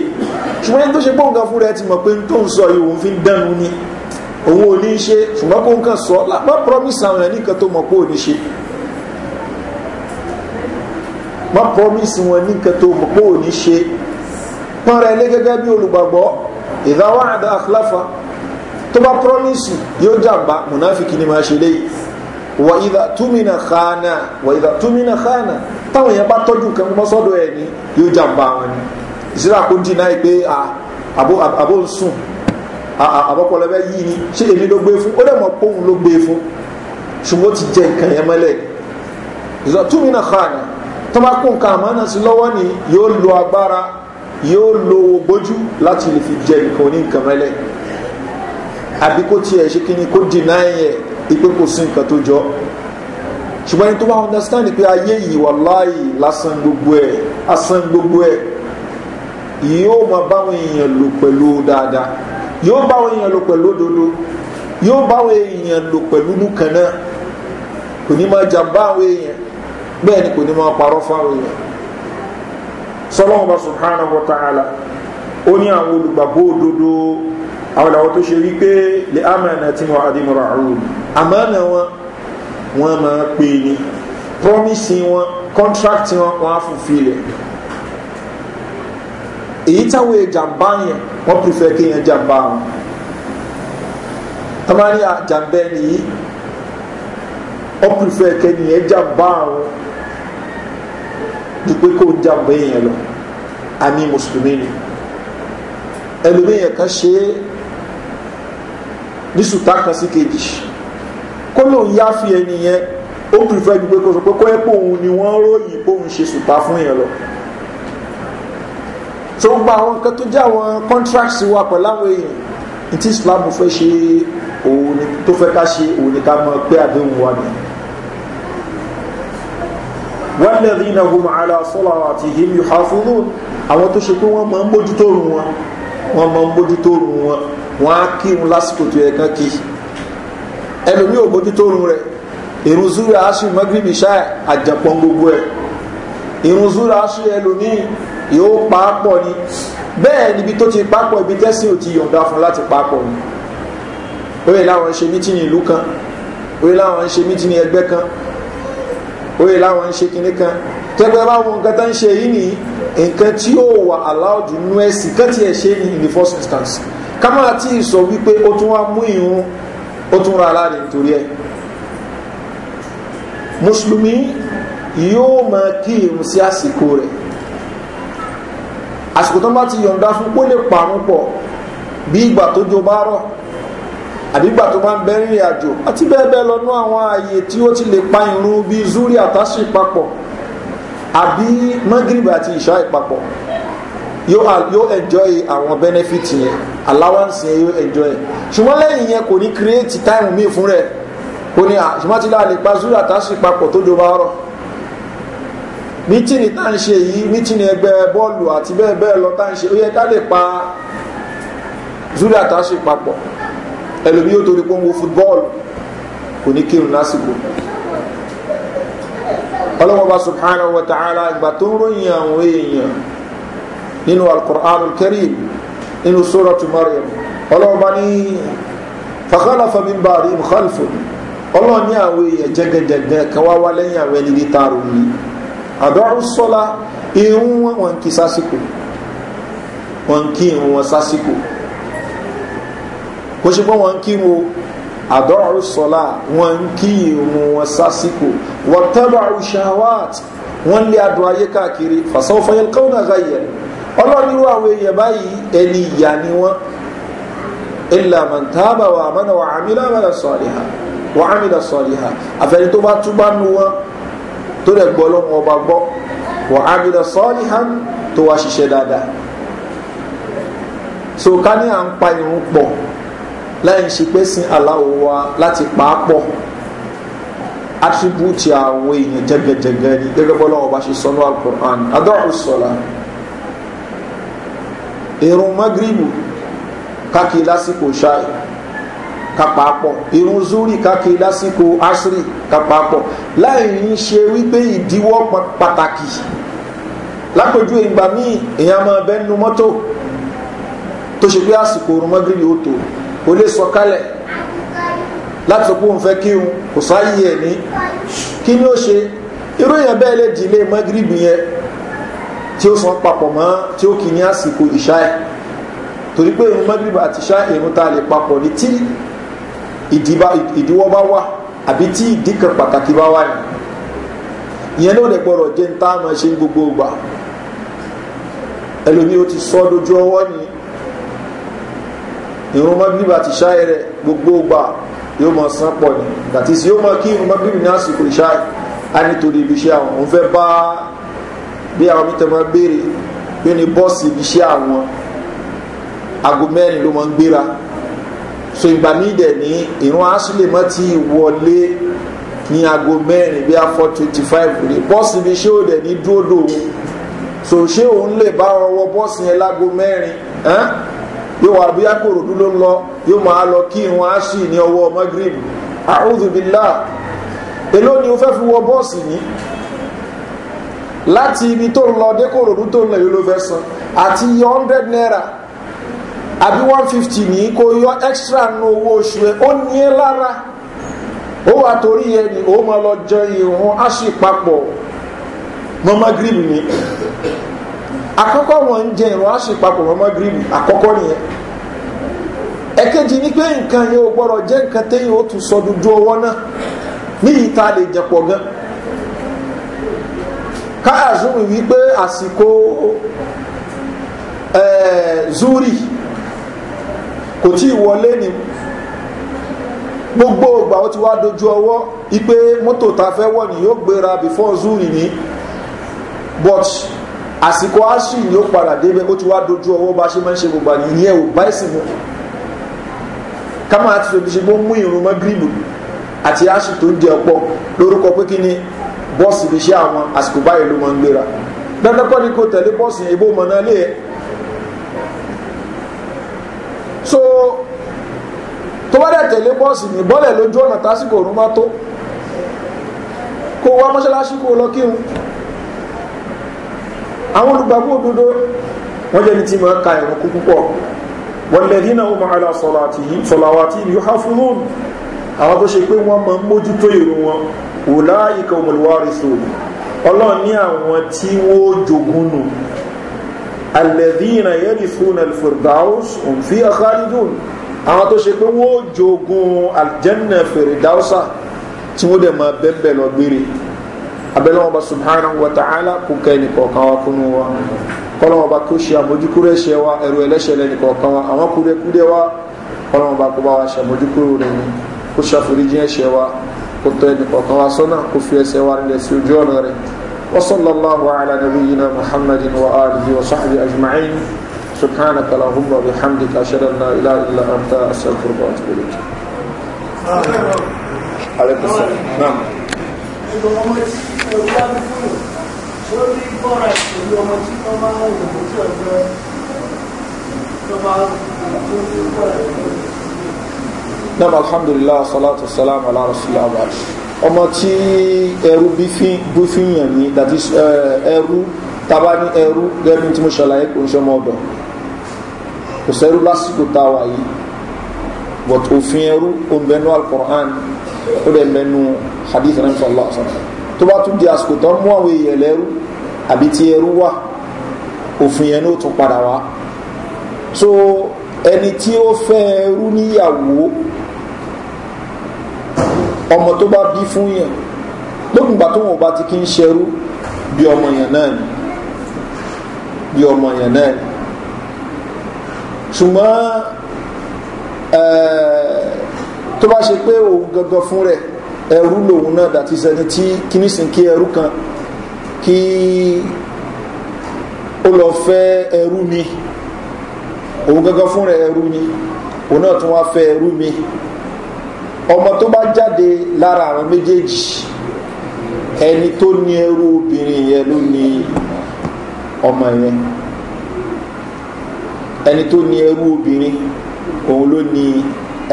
A: ṣùgbọ́n ẹni tó ṣe bóun kan fún rẹ ti mọ̀ pé tó ń sọ yìí òun fi ń dẹnu ni òun ò ní ṣe ṣùgbọ́n kó ń kàn sọ lápá promise àwọn ẹ̀ nìkan tó mọ̀ pé ò ní ṣe má promise wọn nìkan tó mọ̀ pé ò ní ṣe pọ́n rẹ̀ lé gẹ́gẹ́ bí olùgbàgbọ́ ìdáwà àdá àkìláfà tó bá promise yóò jàmbá mùnáfíkì ni máa ṣe lé wà ìdá túmínà khana wà ìdá túmínà khana táwọn èèyàn bá tọ́jú kan mọ́ sọ́dọ̀ ẹ̀ ní yóò jàmbá wọn ni ìsirà kò dì náà pé àbó ń sùn àbọ̀pọ̀lọ́bẹ̀ yìí ni ṣé èmi ló gbé fún ó dẹ̀ mọ̀ póun ló gbé fún ṣùgbọ́n ti jẹ nǹkan yẹn mọ́lẹ̀ ìsirà túmínà khana tó bá kó nǹkan àmọ́ náà sí lọ́wọ́ ni yóò lo agbára yóò lo ogbójú láti lè fi jẹ nǹkan ní nǹkan mẹ́lẹ̀ àbí kó tiẹ̀ ṣe kí ni kó dìnnà yẹn ìpé kò sí nǹkan tó jọ ṣùgbọ́n ẹni tó bá understand pé ayé yìí wà láàyè lásán gbogbo ẹ̀ asán gbogbo ẹ̀ yóò máa báwọn èèyàn lò pẹ̀lú dáadáa yóò báwọn èèyàn lò pẹ̀lú òdodo yóò báwọn èèyàn lò pẹ̀lú nùkan kò ní máa jàmbá àwọn èèyàn bẹ́ẹ̀ ni kò ní máa parọ́ fáwọn èèyàn sọlọ́wọ́n bá subhanahu wa ta'ala ó ní àwọn olùgbàgbọ́ òdodo àwọn làwọn tó ṣe rí pé lè amẹ́nà tí wọ́n adìmọ̀rọ̀ àrùn àmọ́nà wọn wọ́n máa pè ní promise wọn contract wọn wọ́n á fún filẹ̀ èyí táwọn ìjàmbá yẹn wọ́n prefer kí yẹn jàmbá wọn tọ́mọ́rí àjàmbẹ́ nìyí wọ́n prefer kí yẹn jàmbá wọn ju pé kó ń jàǹbá èèyàn lọ àmì mùsùlùmí ni ẹlòmíyàn kan ṣe é ní sùtá kan sí kejì kó ló ń yáfi ẹni yẹn ó pìrìfẹ́ ju pé kó sọ pé kó ẹ pé òun ni wọ́n ròyìn pé òun ṣe sùtá fún yẹn lọ tó gba àwọn nǹkan tó jẹ́ àwọn contracts wa pẹ̀lú àwọn èèyàn tí islam fẹ́ ṣe òun ni tó fẹ́ ká ṣe òun ni ká mọ pé àdéhùn wa nìyẹn wàlẹ́dínà hùm àlà sọ́là àti him yóò hafúrú àwọn tó ṣe pé wọ́n máa ń bójútó rùn wọn wọ́n máa ń bójútó rùn wọn wọ́n á kírun lásìkò tó yẹ kán kí ẹlòmí ò bójútó rùn rẹ̀ irun zúrù aṣù mọ́gírìbì ṣá àjàpọ̀ gbogbo ẹ̀ irun zúrù aṣù yóò pàápọ̀ ni bẹ́ẹ̀ níbi tó ti pàápọ̀ ibi tẹ́sí ò yọ̀ǹda fún láti pàápọ̀ ni ó yẹ láwọn ṣe mítí ní ìlú kan ó yẹ láwọn ṣe mítí ní ẹgbẹ́ kan o yẹ láwọn ń ṣe kinní kan tẹ́gbẹ́ bá wọn nǹkan tó ń ṣe yìí ni nǹkan tí ó wà allowed nú ẹ̀sìn kan tiẹ̀ ṣe ní in the first instance kámá tí ì sọ wípé ó tún wá mú ìrún ó tún ra aláàrẹ nítorí ẹ̀ mùsùlùmí yóò máa kí irun sí àsìkò rẹ̀ àsìkò tó bá ti yọ̀ǹda fún pólè pàrún pọ̀ bí ìgbà tó jọba rọ̀ àbígbà tó bá ń bẹ́ rìnrìn àjò àti bẹ́ẹ̀ bẹ́ẹ̀ lọ́nú àwọn ààyè tí ó ti lè pa ìrun bíi zuri àtàṣì papọ̀ àbí mọ́gìrìbà àti ìṣá ìpapọ̀ yóò enjoy àwọn benefit yẹn allowance yẹn yóò enjoy ṣùgbọ́n lẹ́yìn yẹn kò ní create time mi fún rẹ̀ kò ní ṣùgbọ́n ti láàlè pa zuri àtàṣì papọ̀ tó jọba ọ̀rọ̀ mítìnì tá ń ṣe yìí mítìnì ẹgbẹ́ bọ́ọ̀lù àti bẹ́ẹ̀ bẹ́ẹ̀ lọ tá ń ṣe ó yẹ ká lè pa zuri àtàṣì papọ̀ ẹlòmí yóò torí pé ń wo fútbọ́ọ̀lù kò ní kírun lásìkò ọlọ́mọba subhanahu wa ta'ala ìgbà tó ń ròyìn àwọn èèyàn nínú alkur'an karim nínú sóràtú mariam ọlọ́mọba ní fàkàlàfà mi bá rí mùkàlùfò ọlọ́ọ̀ ní àwọn èèyàn jẹ́gẹ́jẹ́gẹ́ kó ṣe pé wọ́n ń kírun àdọ́rọ̀ sọ́lá wọ́n ń kí irun wọn sásìkò wọ́n tẹ́lọ̀ àrùṣàwàt wọ́n lé adùn ayé káàkiri fàṣọ́fọ́yẹ́ kọ́nà gáyẹ̀ ọlọ́nirú àwọn èèyàn báyìí ẹni ìyá ni wọ́n ilà mọ̀tàbà wà mọ́nà wà ámìlà sọ̀rìhà wà ámìlà sọ̀rìhà àfẹ́ni tó bá túbá nu wọn tó rẹ̀ gbọ́ lọ́wọ́ ọba gbọ́ wà ámìlà sọ̀rìhà tó wá ṣiṣẹ́ dáadáa so ká ní à ń pa irun pọ̀ láì ṣe pé sin aláwọ̀ wa láti pàápọ̀ attribute àwọn èèyàn jẹgẹjẹgẹ ni gẹ́gẹ́ bọ́lá ọba ṣe sọ́nú alukur'an adáhùn sọ̀la irun magribu káàkiri lásìkò ṣáì kápapọ̀ irun zuri káàkiri lásìkò asiri kápapọ̀ láì ní ṣe wípé ìdíwọ́ pàtàkì lápẹjú ìgbà míì èèyàn máa bẹ́ẹ̀ nu mọ́tò tó ṣe pé àsìkò irun magribu ó tó kò lè sọ̀kalẹ̀ láti sọ pé òun fẹ́ kí òun kò sáyé ẹ̀ ní kí ni ó ṣe irú èèyàn bẹ́ẹ̀ lè dì ilé mọ́gírìbì yẹn tí ó san papọ̀ mọ́ tí ó kì ní àsìkò ìṣá ẹ̀ torí pé irun mọ́gírìbì àti ìṣá irun ta lè papọ̀ ní tí ìdíwọ́ bá wà àbí tí ìdí kan pàtàkì bá wà ìyẹn ló lè gbọ́dọ̀ jẹ́ ń tá àmọ́ ṣe gbogbo ìgbà ẹlòmí ó ti sọ́ dojú ọwọ́ ni ìrún mọ́bílì àti ṣáì rẹ̀ gbogbo gbà yóò mọ̀ san pọ̀ ní dàtí sí yóò mọ̀ kí ìrún mọ́bílì ní àsìkò ìṣáì á nítorí ibi iṣẹ́ àwọn òun bá bí àwọn mítẹ̀ máa béèrè yóò ní bọ́ọ̀sì ibi iṣẹ́ àwọn aago mẹ́rin ló máa ń gbéra so ìgbà míì dẹ̀ ní ìrún asúlẹ̀ mọ́ ti wọlé ní aago mẹ́rin bí a four twenty five rè bọ́ọ̀sì ibi iṣẹ́ ò dẹ̀ ní dúró dòun so ṣé òun lè bá ọwọ́ bọ́ọ̀sì yẹn láago mẹ́rin yóò wà bí akórodú ló ń lọ yóò máa lọ kí wọn á sì ní ọwọ́ magrib àhúzùbílà èló ni o fẹ́ fi wọ bọ́ọ̀sì ní láti ibi tó ń lọ dé kórodú tó ń lọ yóò ló fẹ́ san àti iye hundred naira àbí one fifty ní kó yọ extra nu owó oṣù ẹ ó ní ẹ lára ó wà torí ẹ ó máa lọ jẹ ìhun á sì papọ̀ mọ́ magrib ní àkọ́kọ́ wọn ń jẹ ìrún aṣọ ìpapọ̀ mọ́ mọ́gírìbì àkọ́kọ́ nìyẹn ẹ̀kejì ni pé nǹkan yẹn ò gbọ́dọ̀ jẹ́ nǹkan téyìn ó tún sọ dúdú ọwọ́ náà ní ìta lè jẹ̀pọ̀ gan káyà zúmi wípé àsìkò zúrì kò tí ì wọlé ni gbogbo ìgbà ó ti wá dojú ọwọ́ ipe mọ́tò ta wọ̀ ni yóò gbéra before zuri ni but àsìkò asu ni ó padà débẹ̀ ó ti wá dojú ọwọ́ bá ṣe máa ń ṣe gbogbo àyè ìyẹn ò bá ẹ̀sìn mu ká máa ti tòbi ṣe bó mú irun mọ́ gírìbù àti asu tó ń jẹ ọ̀pọ̀ lórúkọ pé kí ni bọ́ọ̀sì fi ṣe àwọn àsìkò báyìí ló máa ń gbéra dandan kọ́ ni kò tẹ̀lé bọ́ọ̀sì ìbò mọ̀nà lé ẹ̀ so tó bá dẹ̀ tẹ̀lé bọ́ọ̀sì ní bọ́ọ̀lẹ̀ lójú ọ̀nà tásìkò òrùn má tó kó wá mọ́ṣáláṣí kó lọ kírun àwọn olùgbàgbọ́ òdodo wọ́n jẹ́ ní tí máa ka ẹ̀rọ kú púpọ̀ wọ̀lẹ̀dínà ó máa ra sọ̀làwà tí yóò há fún lóòrùn àwọn tó ṣe pé wọ́n máa mójútó ìrù wọn ò tó ṣe pé wọ́n jogun aljanna firdausa abẹ́lẹ́wọ̀n bá subhanahu wa ta'ala kò kẹ́ nìkọ̀ọ̀kan wa kúnnú wa kọ́lọ́wọ̀n bá kó ṣe àmójúkúrò ẹ̀ṣẹ̀ wa ẹ̀rù ẹlẹ́ṣẹ̀ lẹ́nìkọ̀ọ̀kan wa àwọn kúrẹ́kúrẹ́ wa kọ́lọ́wọ̀n bá kó bá wa ṣàmójúkúrò rẹ̀ ni kó ṣàforíjì ẹ̀ṣẹ̀ wa kó tọ́ ẹnìkọ̀ọ̀kan wa sọ́nà kó fi ẹsẹ̀ wa rẹ̀ sí ojú ọ̀nà rẹ̀ وصلى الله ló dá mi fún yìí tó rí bọ́ra ìṣèlú ọmọ tí wọ́n máa ń wò ó tí salatu salam ala rasulillah wa ọmọ tí ẹrú bí fi yàn ní that is eh, ẹrú taba ní ẹrú gẹ́gẹ́ tí mo ṣàlàyé kò ń ṣọmọ ọ̀dọ̀ kò sẹ́rú lásìkò táwa yìí but òfin ẹrú ó ń bẹnu ó dẹ̀ ń hadith rẹ̀ ń sọ allah tó bá tún di àsìkò tán mú àwọn èèyàn lẹ́rú àbí ti ẹrú wà òfin yẹn ló tún padà wá so ẹni tí ó fẹ́ ẹrú níyàwó ọmọ tó bá bí fún yẹn lókùn gbà tó wọn bá ti kí ń ṣẹrú bí ọmọ yẹn náà ni bí ọmọ yẹn náà ni ṣùgbọ́n tó bá ṣe pé òun gangan fún rẹ̀ ẹrú lòun náà dàtí sẹni tí kìnnìsìn kí ẹrú kan kí ó lọ fẹ́ ẹrú mi òun gángan fún rẹ ẹrú ni òun náà tún wá fẹ́ ẹrú mi ọmọ tó bá jáde lára àwọn méjèèjì ẹni tó ní ẹrú obìnrin yẹn ló ní ọmọ yẹn ẹni tó ní ẹrú obìnrin òun ló ní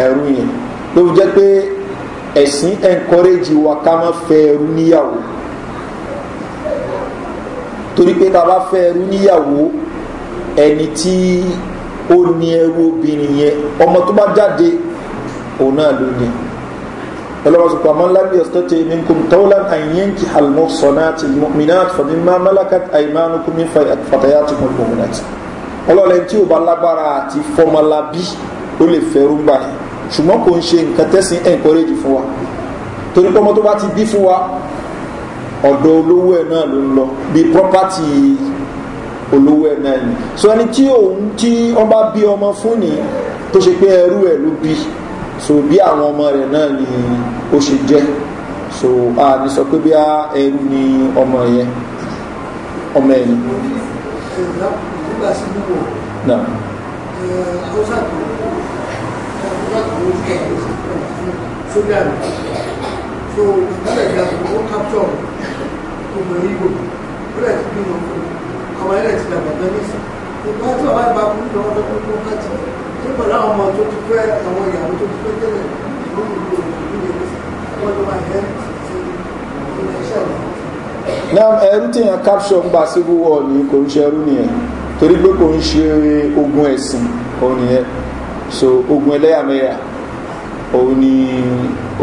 A: ẹrú yẹn ló fi jẹ́ pé ẹ̀sìn encourage wa ká má fẹ́ ẹrú níyàwó torí pé tá a bá fẹ́ ẹrú níyàwó ẹni tí ó ní ẹrú obìnrin yẹn ọmọ tó bá jáde òun náà ló ní ọlọ́mọsọ̀pọ̀ àmọ́ lábẹ́ ọ̀sítọ́tẹ̀ mi kò tọ́lá àyẹ́ǹkì àlùmọ́sọ̀nà àti mìíràn fọ̀mí máa mọ́lákà àìmánu kún mi fàtàyà tó kún mọ́mọ́nà ọlọ́lẹ̀ tí ò bá lágbára àti fọmọlábí ó lè fẹ́rú gbà yẹn ṣùgbọ́n kò ń ṣe nǹkan tẹ́sìn encourage fún wa torí pọ́mọ́ tó bá ti bí fún wa ọ̀dọ̀ olówó ẹ̀ náà ló ń lọ bí property olówó ẹ̀ náà ni so ẹni tí òun tí wọ́n bá bí ọmọ fún ni tó ṣe pé ẹrú ẹ̀ ló bí so bí àwọn ọmọ rẹ̀ náà ni ó ṣe jẹ́ so a ní sọ pé bí a ẹrú ni ọmọ yẹn ọmọ ẹ̀yìn. náà àwọn ojú kan sójà rẹ̀ so ìdálẹ̀ ìgbà tó ó kápítọ̀ gbogbo ìgbò ó lẹ̀ ti bímọ fún ọmọ ilẹ̀ ti dàgbà tán nísìn ìgbà tí ọba ìgbà kú lọ́wọ́ tó kún fún káàtì tó pẹ̀lú àwọn ọmọ tó ti fẹ́ àwọn ìyàwó tó ti fẹ́ tẹ́lẹ̀ ìgbóhùn ìgbò ìgbìyànjú wọn ló máa yẹ náà ẹrú tí èèyàn capture gba civil war ní kò ń ṣe ẹrú nìyẹn torí pé kò ń ṣe ogun ẹ̀sìn òun nìyẹn so ogun ẹlẹ́yàmẹ̀yà òun ni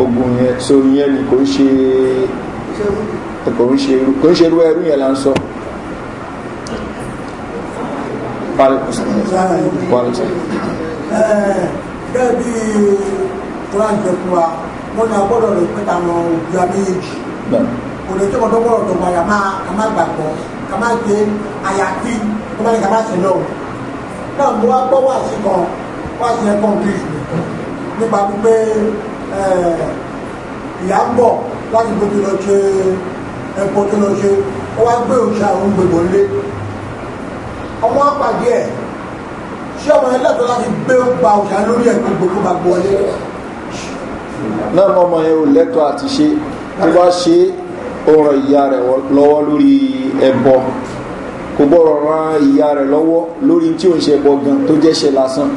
A: ogun yẹn so yẹn ni kò ń ṣe kò ń ṣe kò ń ṣe irú ẹrú yẹn là ń sọ. bẹ́ẹ̀ bí wọ́n jẹ fún wa wọ́n ní agbọ́dọ̀ rẹ̀ pé táwọn òbí abéyèjì kò lè tó kọ́ dọ́gbọ́rọ̀ tó wà yàmá kàmá gbàgbọ́ kàmá gbé àyàfi kó má ní kàmá sílẹ̀ o náà mo wá gbọ́ wá sí pàtì yẹn complete nípa wípé ìyá ń bọ̀ láti gbogbo lọ ṣe ẹ̀pọ̀ tó lọ ṣe ó wá gbé òṣà òun gbogbo lé ọmọ apàdé ẹ̀ ṣé ọmọ ẹlẹ́tọ̀ọ́ láti gbé gba òṣà lórí ẹ̀ gbogbo tó bá gbọ́lé náà ọmọ yẹn ò lẹ́tọ̀ọ́ àti ṣe tó bá ṣe ó ràn ìyá rẹ̀ lọ́wọ́ lórí ẹ̀bọ kò gbọ́dọ̀ ran ìyá rẹ̀ lọ́wọ́ lórí tí ò ń ṣe ẹ̀bọ gan tó jẹ́ ṣe lásán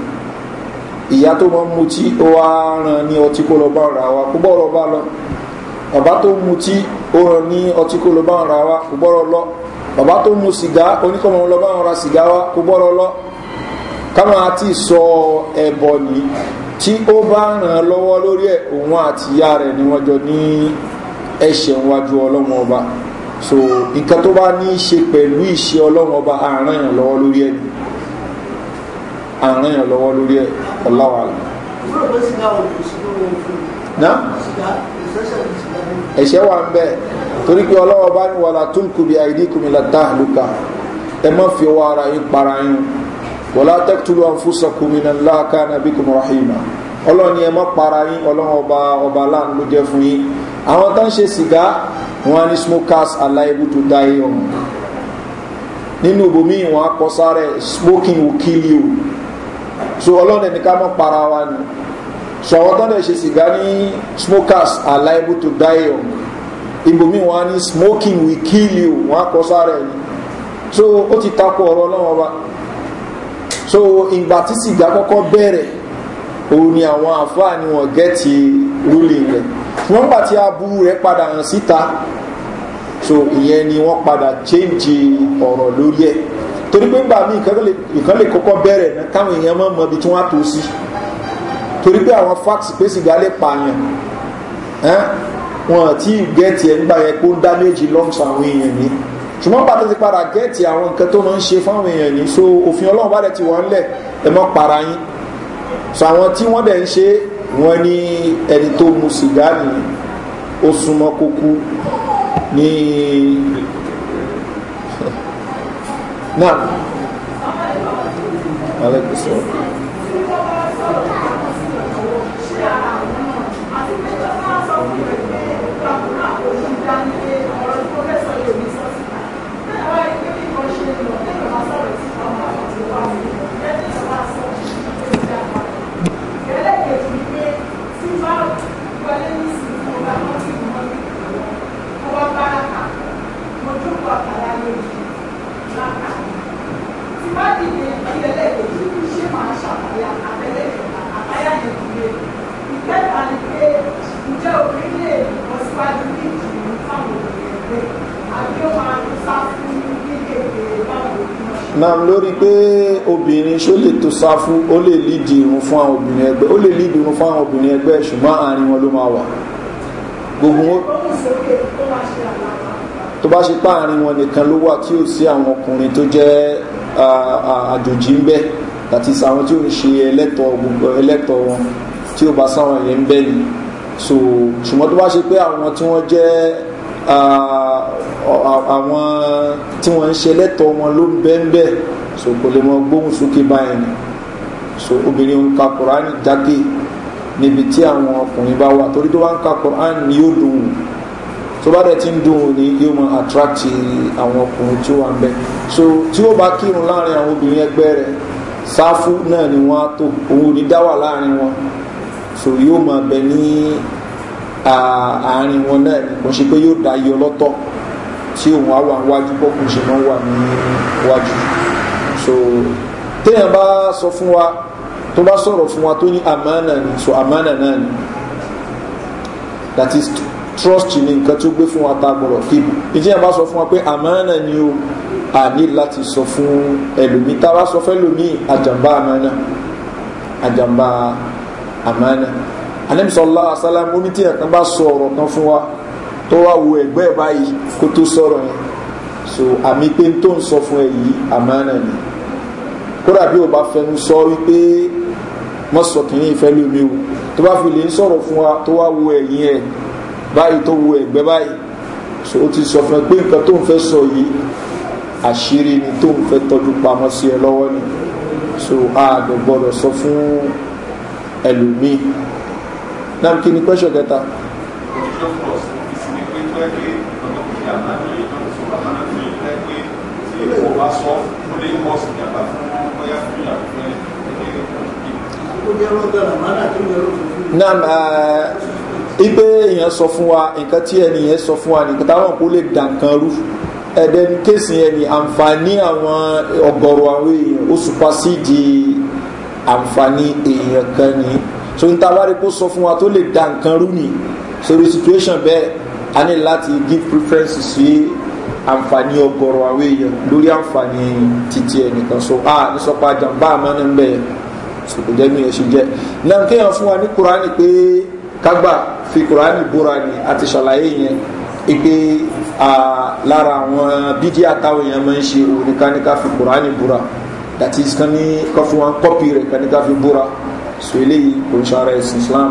A: ìyá tó mọ mutí ó wá ràn ní ọtí kó lọ bá ń ra wa kó bọ́ọ̀rọ̀ bá lọ bàbá tó mutí ó ràn ní ọtí kó lọ bá ra wa kó bọ́ọ̀rọ̀ lọ bàbá tó mu sìgá oníkọ̀mọ̀ lọ bá ń ra sìgá wa kó bọ́ọ̀rọ̀ lọ káwọn àti sọ ẹ̀bọ̀ ní tí ó bá ràn lọ́wọ́ lórí ẹ̀ òun àti ìyá rẹ̀ ni wọ́n jọ ní ẹ̀ṣẹ̀ wájú ọlọ́wọ́n ọba so nǹkan tó bá ní í ṣe pẹ̀lú ìṣe ọlọ́wọ́n ọba àárín lọ́wọ́ lórí ẹni àárín yàn lọ́wọ́ lórí ẹ̀ ọláwà rẹ̀. ẹ̀ṣẹ̀ wà ń bẹ̀ torí pé ọlọ́wọ́ bá ní wàlá tó kù bí àìdí kùmí la dá àlùkà ẹ má fi ọwọ́ ara yín para yín wàlá tẹ́kítúlù àǹfùsà kùmí náà láàká nàbí kùmí rahima ọlọ́ni ẹ má para yín ọlọ́wọ́ ọba ọba aláàánú ló jẹ́ fún yín àwọn tó ń ṣe sìgá wọn ní smokers aláìbù dá yín ọ̀hún nínú ibòmíì wọn á sáré smoking will kill you so ọlọ́run ẹni ká mọ́ para wa ni so àwọn tán lè ṣe sìgá ní smokers are liable to die young ibòmí wọn ní smoking will kill you wọn kọ sára ẹni so ó ti takò ọ̀rọ̀ ọlọ́run ọba so ìgbà tí sìgá kọ́kọ́ bẹ̀rẹ̀ òun ni àwọn àfáà ni wọ́n gẹ́ẹ̀tì ruling rẹ̀ wọ́n gbà tí aburú rẹ̀ padà hàn síta so ìyẹn ni wọ́n padà change ọ̀rọ̀ lórí ẹ̀ torí pé gbà míì ìkan lè kọ́kọ́ bẹ̀rẹ̀ náà káwọn èèyàn mọ̀ mọ́ ibi tí wọ́n á tó sí torí pé àwọn fáàkì pé sìgá lè pààyàn wọn tí gẹ́ẹ̀tì ẹ̀ nígbà yẹn kó ń dá méjì lọ́mùsọ àwọn èèyàn ní ṣùgbọ́n pàtó ti padà gẹ́ẹ̀tì àwọn nǹkan tó máa ń ṣe fáwọn èèyàn ní so òfin ọlọ́run bá dẹ̀ ti wọ́n lẹ̀ ẹ mọ́ para yín so àwọn tí wọ́n dẹ̀ ń ṣe wọ́n ní ẹni tó mu sìgá nìyí ó súnmọ́ kókú ní náà alẹ́ kò sọ̀rọ̀. náà lórí pé obìnrin ṣó lè tó sáfú ó lè lídìí irun fún àwọn obìnrin ẹgbẹ́ ó lè lídìí irun fún àwọn obìnrin ẹgbẹ́ ṣùgbọ́n àárín wọn ló máa wà gbogbo wọn tó bá ṣe pá àárín wọn nìkan ló wà tí ò sí àwọn ọkùnrin tó jẹ́ àjòjì ń bẹ́ àti sàwọn tí ò ń ṣe ẹlẹ́tọ̀ wọn tí ò bá sáwọn yẹn ń bẹ́ ni so ṣùgbọ́n tó bá ṣe pé àwọn tí wọ́n jẹ́ Ah, àwọn tí wọ́n ń ṣe lẹ́tọ̀ọ́ wọn ló ń bẹ́ńbẹ́ so kò lè mọ gbóhùn sókè báyìí ni so obìnrin ń ka kùránì jákè níbi tí àwọn ọkùnrin bá wà torí tó bá ń ka kùránì ni yóò dùn ún tó bá dẹ̀ ti ń dùn ún ni yóò mọ àtúrákì àwọn ọkùnrin tí ó wà ń bẹ́ so tí ó bá kírun láàrin àwọn obìnrin ẹgbẹ́ rẹ̀ sáfù náà ni wọ́n á tò òun ò ní dá wà láàrin wọn so yóò máa bẹ ní àárín wọn náà kò ṣe pé yóò da iye ọlọ́tọ̀ tí òun á wà níwájú bọ́kùn ṣe máa ń wà níwájú so téèyàn bá sọ fún wa tó bá sọ̀rọ̀ fún wa tó ní àmánà ni so àmánà náà ni that is trust ni nǹkan tó gbé fún wa tá a gbọ́dọ̀ kébù ìjẹ́yàn bá sọ fún wa pé àmánà ni o àní láti sọ fún ẹlòmí tá a bá sọ fún ẹlòmí àjàmbá àmánà àjàmbá àmánà anamisọlá asálám ó ní tí ẹ̀kan bá sọ ọ̀rọ̀ kan fún wa tó wá wo ẹ̀gbẹ́ ẹ̀ báyìí kó tó sọ̀rọ̀ yẹn so àmì pé tó ń sọ fún ẹ yìí àmánà ni kódà bí o bá fẹnu sọ wípé mọ́ sọ kìíní ìfẹ́ lómi o tó bá fi lè ń sọ̀rọ̀ fún wa tó wá wo ẹ̀yìn ẹ̀ báyìí tó wo ẹ̀gbẹ́ báyìí so ó ti sọ fún ẹ pé nǹkan tó ń fẹ́ sọ yìí àṣírí ni tó ń fẹ́ tọ́jú pamọ́ sí ẹ lọ́wọ́ ni so a gbọ́dọ̀ sọ fún ẹlòmíì náà kí ni question kẹta. naam eh, ipe èèyàn sọ fún wa nǹkan tí ẹnìyẹn sọ fún wa nìkan táwọn kò lè dànkan rú ẹ̀dẹ́n kéèsì yẹn ni àǹfààní àwọn ọ̀gọ̀rọ̀ àwọn èèyàn ó supasídìí àǹfààní èèyàn kan nìyí so n ta wá rí kó sọ fún wa tó lè da nǹkan rú ni sórí situation bẹ́ẹ̀ a ní láti give preference sí àǹfààní ọgọrọ àwọn èèyàn lórí àǹfààní títí ẹnìkan so a ní sọpa jàǹbá àmọ́ ní bẹ́ẹ̀ so kò jẹ́ mi ẹ̀ ṣe jẹ́ náà kéèyàn fún wa ní kuraani pé kágbà fi kuraani bóra ni àti ṣàlàyé yẹn ipe lára àwọn bídí àtàwọn èèyàn máa ń ṣe òníkaníka fi kuraani bóra that is kan ní kọ́ wa kọ́pì rẹ̀ kaníka fi bóra so eléyìí kò ń ṣara ẹ̀sìn islam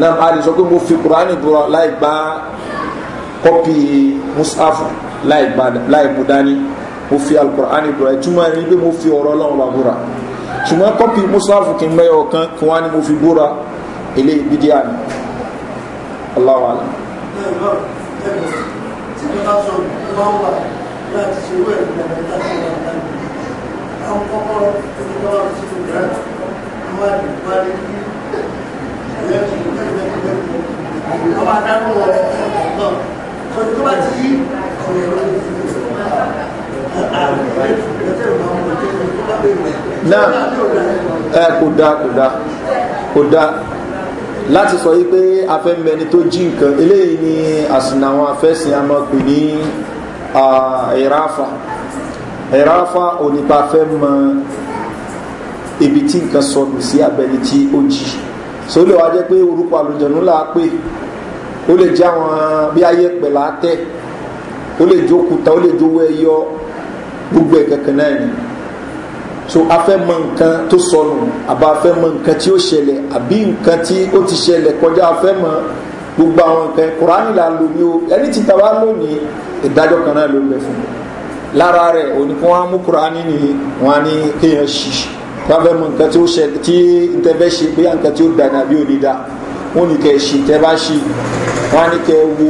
A: náà a lè sọ pé mo fi kùránì búra láì gba kọ́pì musafu láì mú dání mo fi alukur'ani búra ìtumọ̀ ẹni pé mo fi ọ̀rọ̀ ọlọ́run bá búra ṣùgbọ́n kọ́pì musafu kì í mẹ́yọ̀ kan kí wọ́n á ní mo fi búra eléyìí bídíà ni Allahu alam láti ṣe wẹ́ẹ̀rẹ̀ ìgbàlódé àti ìgbàlódé àwọn kọ́kọ́ tó ti bá wà sí ìgbàlódé ọba dáná wọ ọgbọ́n tó tó bá ti yí ọ̀rọ̀ ẹ̀rọ náà ẹ kò dáa kò dáa kò dáa láti sọ yí pé afẹ́mẹ́ni tó jí nǹkan eléyìí ni àsìnà àwọn afẹ́sìn a máa pè ní ẹ̀ráfà ẹ̀ráfà onípa fẹ́ mọ ibi tí nǹkan sọnù sí abẹni tí ó jí so ó lè wá jẹ́ pé orúkọ àlùjọ̀nù là á pè ó lè jẹ́ àwọn bí ayé pẹ̀ là á tẹ̀ ó lè jó kuta ó lè jówó ẹyọ gbogbo ẹ̀ kankan náà ni so a fẹ́ mọ nǹkan tó sọnù àbá a mọ nǹkan tí ó ṣẹlẹ̀ àbí nǹkan tí ó ti ṣẹlẹ̀ kọjá a mọ gbogbo àwọn nǹkan kùránì là lò ní o ẹni tí tàbá lónìí ìdájọ́ kan náà ló ń bẹ fún un lára rẹ̀ òní kí wọ́n mú kùránì ni wọ́n á ní kéèyàn ṣiṣẹ́ báfẹ́ mọ nǹkan tí ó ṣe tí tẹ́fẹ́ ṣe pé nǹkan tí ó dà nàbí ò ní dà ni ní kẹ́ ṣì ba bá ṣì wọ́n á ní kẹ́ wo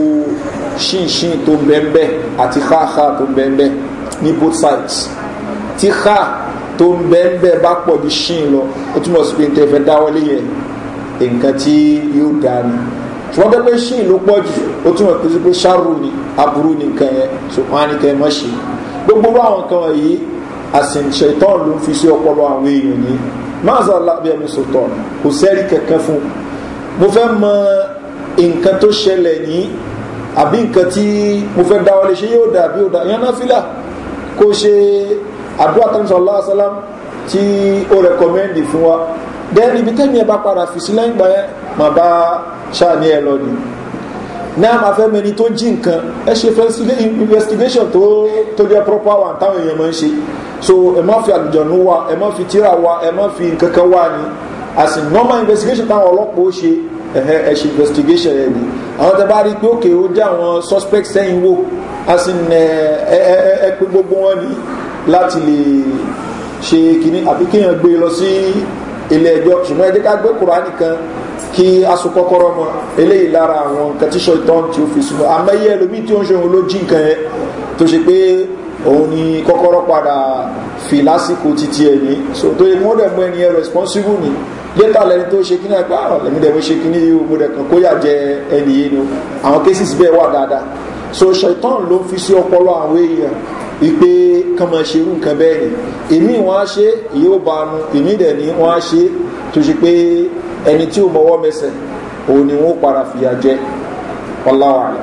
A: ṣìnṣìn tó ń bẹ́ńbẹ́ àti xaaxa tó ń bẹ́ńbẹ́ ní both sides tí xa tó ń bẹ́ńbẹ́ bá pọ̀ ju ṣìn lọ ó túmọ̀ sí pé tẹ́fẹ́ dáwọ́lé yẹn nǹkan tí yóò dà ní ṣùgbọ́n tẹ́fẹ́ ṣìn ló pọ̀ jù ó túmọ̀ pé ṣàrù ni aburú ni nǹkan yẹn ṣùgbọ́n á ní kẹ́ mọ́ ṣe gbogbo àwọn nǹkan yìí àsìn ṣètọ́n ló fi sí ọpọlọ àwọn èèyàn ní máàzà lábẹ́ mi sòtọ̀ kò sẹ́rí kankan fún mo fẹ́ mọ nǹkan tó ṣẹlẹ̀ ní àbí nǹkan tí mo fẹ́ dáwọ́ lè ṣe yóò dà bí ó dà yánná fílà kó ṣe àdúrà tánṣọ aláàsálám tí ó rẹkọmẹ́ndì fún wa dẹ́n ibi tẹ́mi ẹ bá padà fi sí lẹ́yìn gbáyẹn mà bá ṣáàní ẹ lọ ni náà máa fẹ́ mẹni tó jí nǹkan ẹ ṣe fẹ́ investigation tó tó jẹ́ proper one táwọn èèyàn máa ń ṣe so ẹ má fi àlùjọ̀nù wa ẹ má fi tíra wa ẹ má fi kankan wa ni as in normal investigation táwọn ọlọ́pàá ó ṣe ẹ̀hẹ́ ẹ̀ ṣe investigation ẹ̀ ni àwọn tẹ bá rí pé òkè ó jẹ́ àwọn suspect sẹ́yìn wò as in ẹ ẹ ẹ pé gbogbo wọn ni láti lè ṣe kínní àbí kéèyàn gbé lọ sí ilé ẹjọ́ ṣùgbọ́n ẹ jẹ́ ká gbé kùránì kan kí aṣọ kọ́kọ́rọ́ mọ eléyìí lára àwọn nǹkan tíṣọ ìtọ́n tí ó fi sùn àmọ́ iye ẹlòmíì tí ó ń ṣe òun ló jí nǹkan yẹn tó ṣe pé òun ni kọ́kọ́rọ́ padà fi lásìkò títí ẹni so tó yẹ wọ́n dẹ̀ mú ẹni ẹ responsible ni létà lẹni tó ṣe kíní ẹgbẹ́ àwọn ah, lẹ́mí dẹ̀ mo ṣe kíní yìí mo dẹ̀ kàn kó yà jẹ ẹni yìí ni àwọn cases bẹ́ẹ̀ wà dáadáa so ṣètàn ló fi sí ọpọlọ àwọn èèyàn ipe kan máa ṣe irú nǹkan bẹ́ẹ̀ ni èmi wọn á ṣe yóò bá a nu èmi dẹ̀ ni wọn á ṣe tó ṣe pé ẹni tí ò mọwọ́ mẹsẹ̀ òun ni wọn ó para fìyà jẹ ọláwàlá.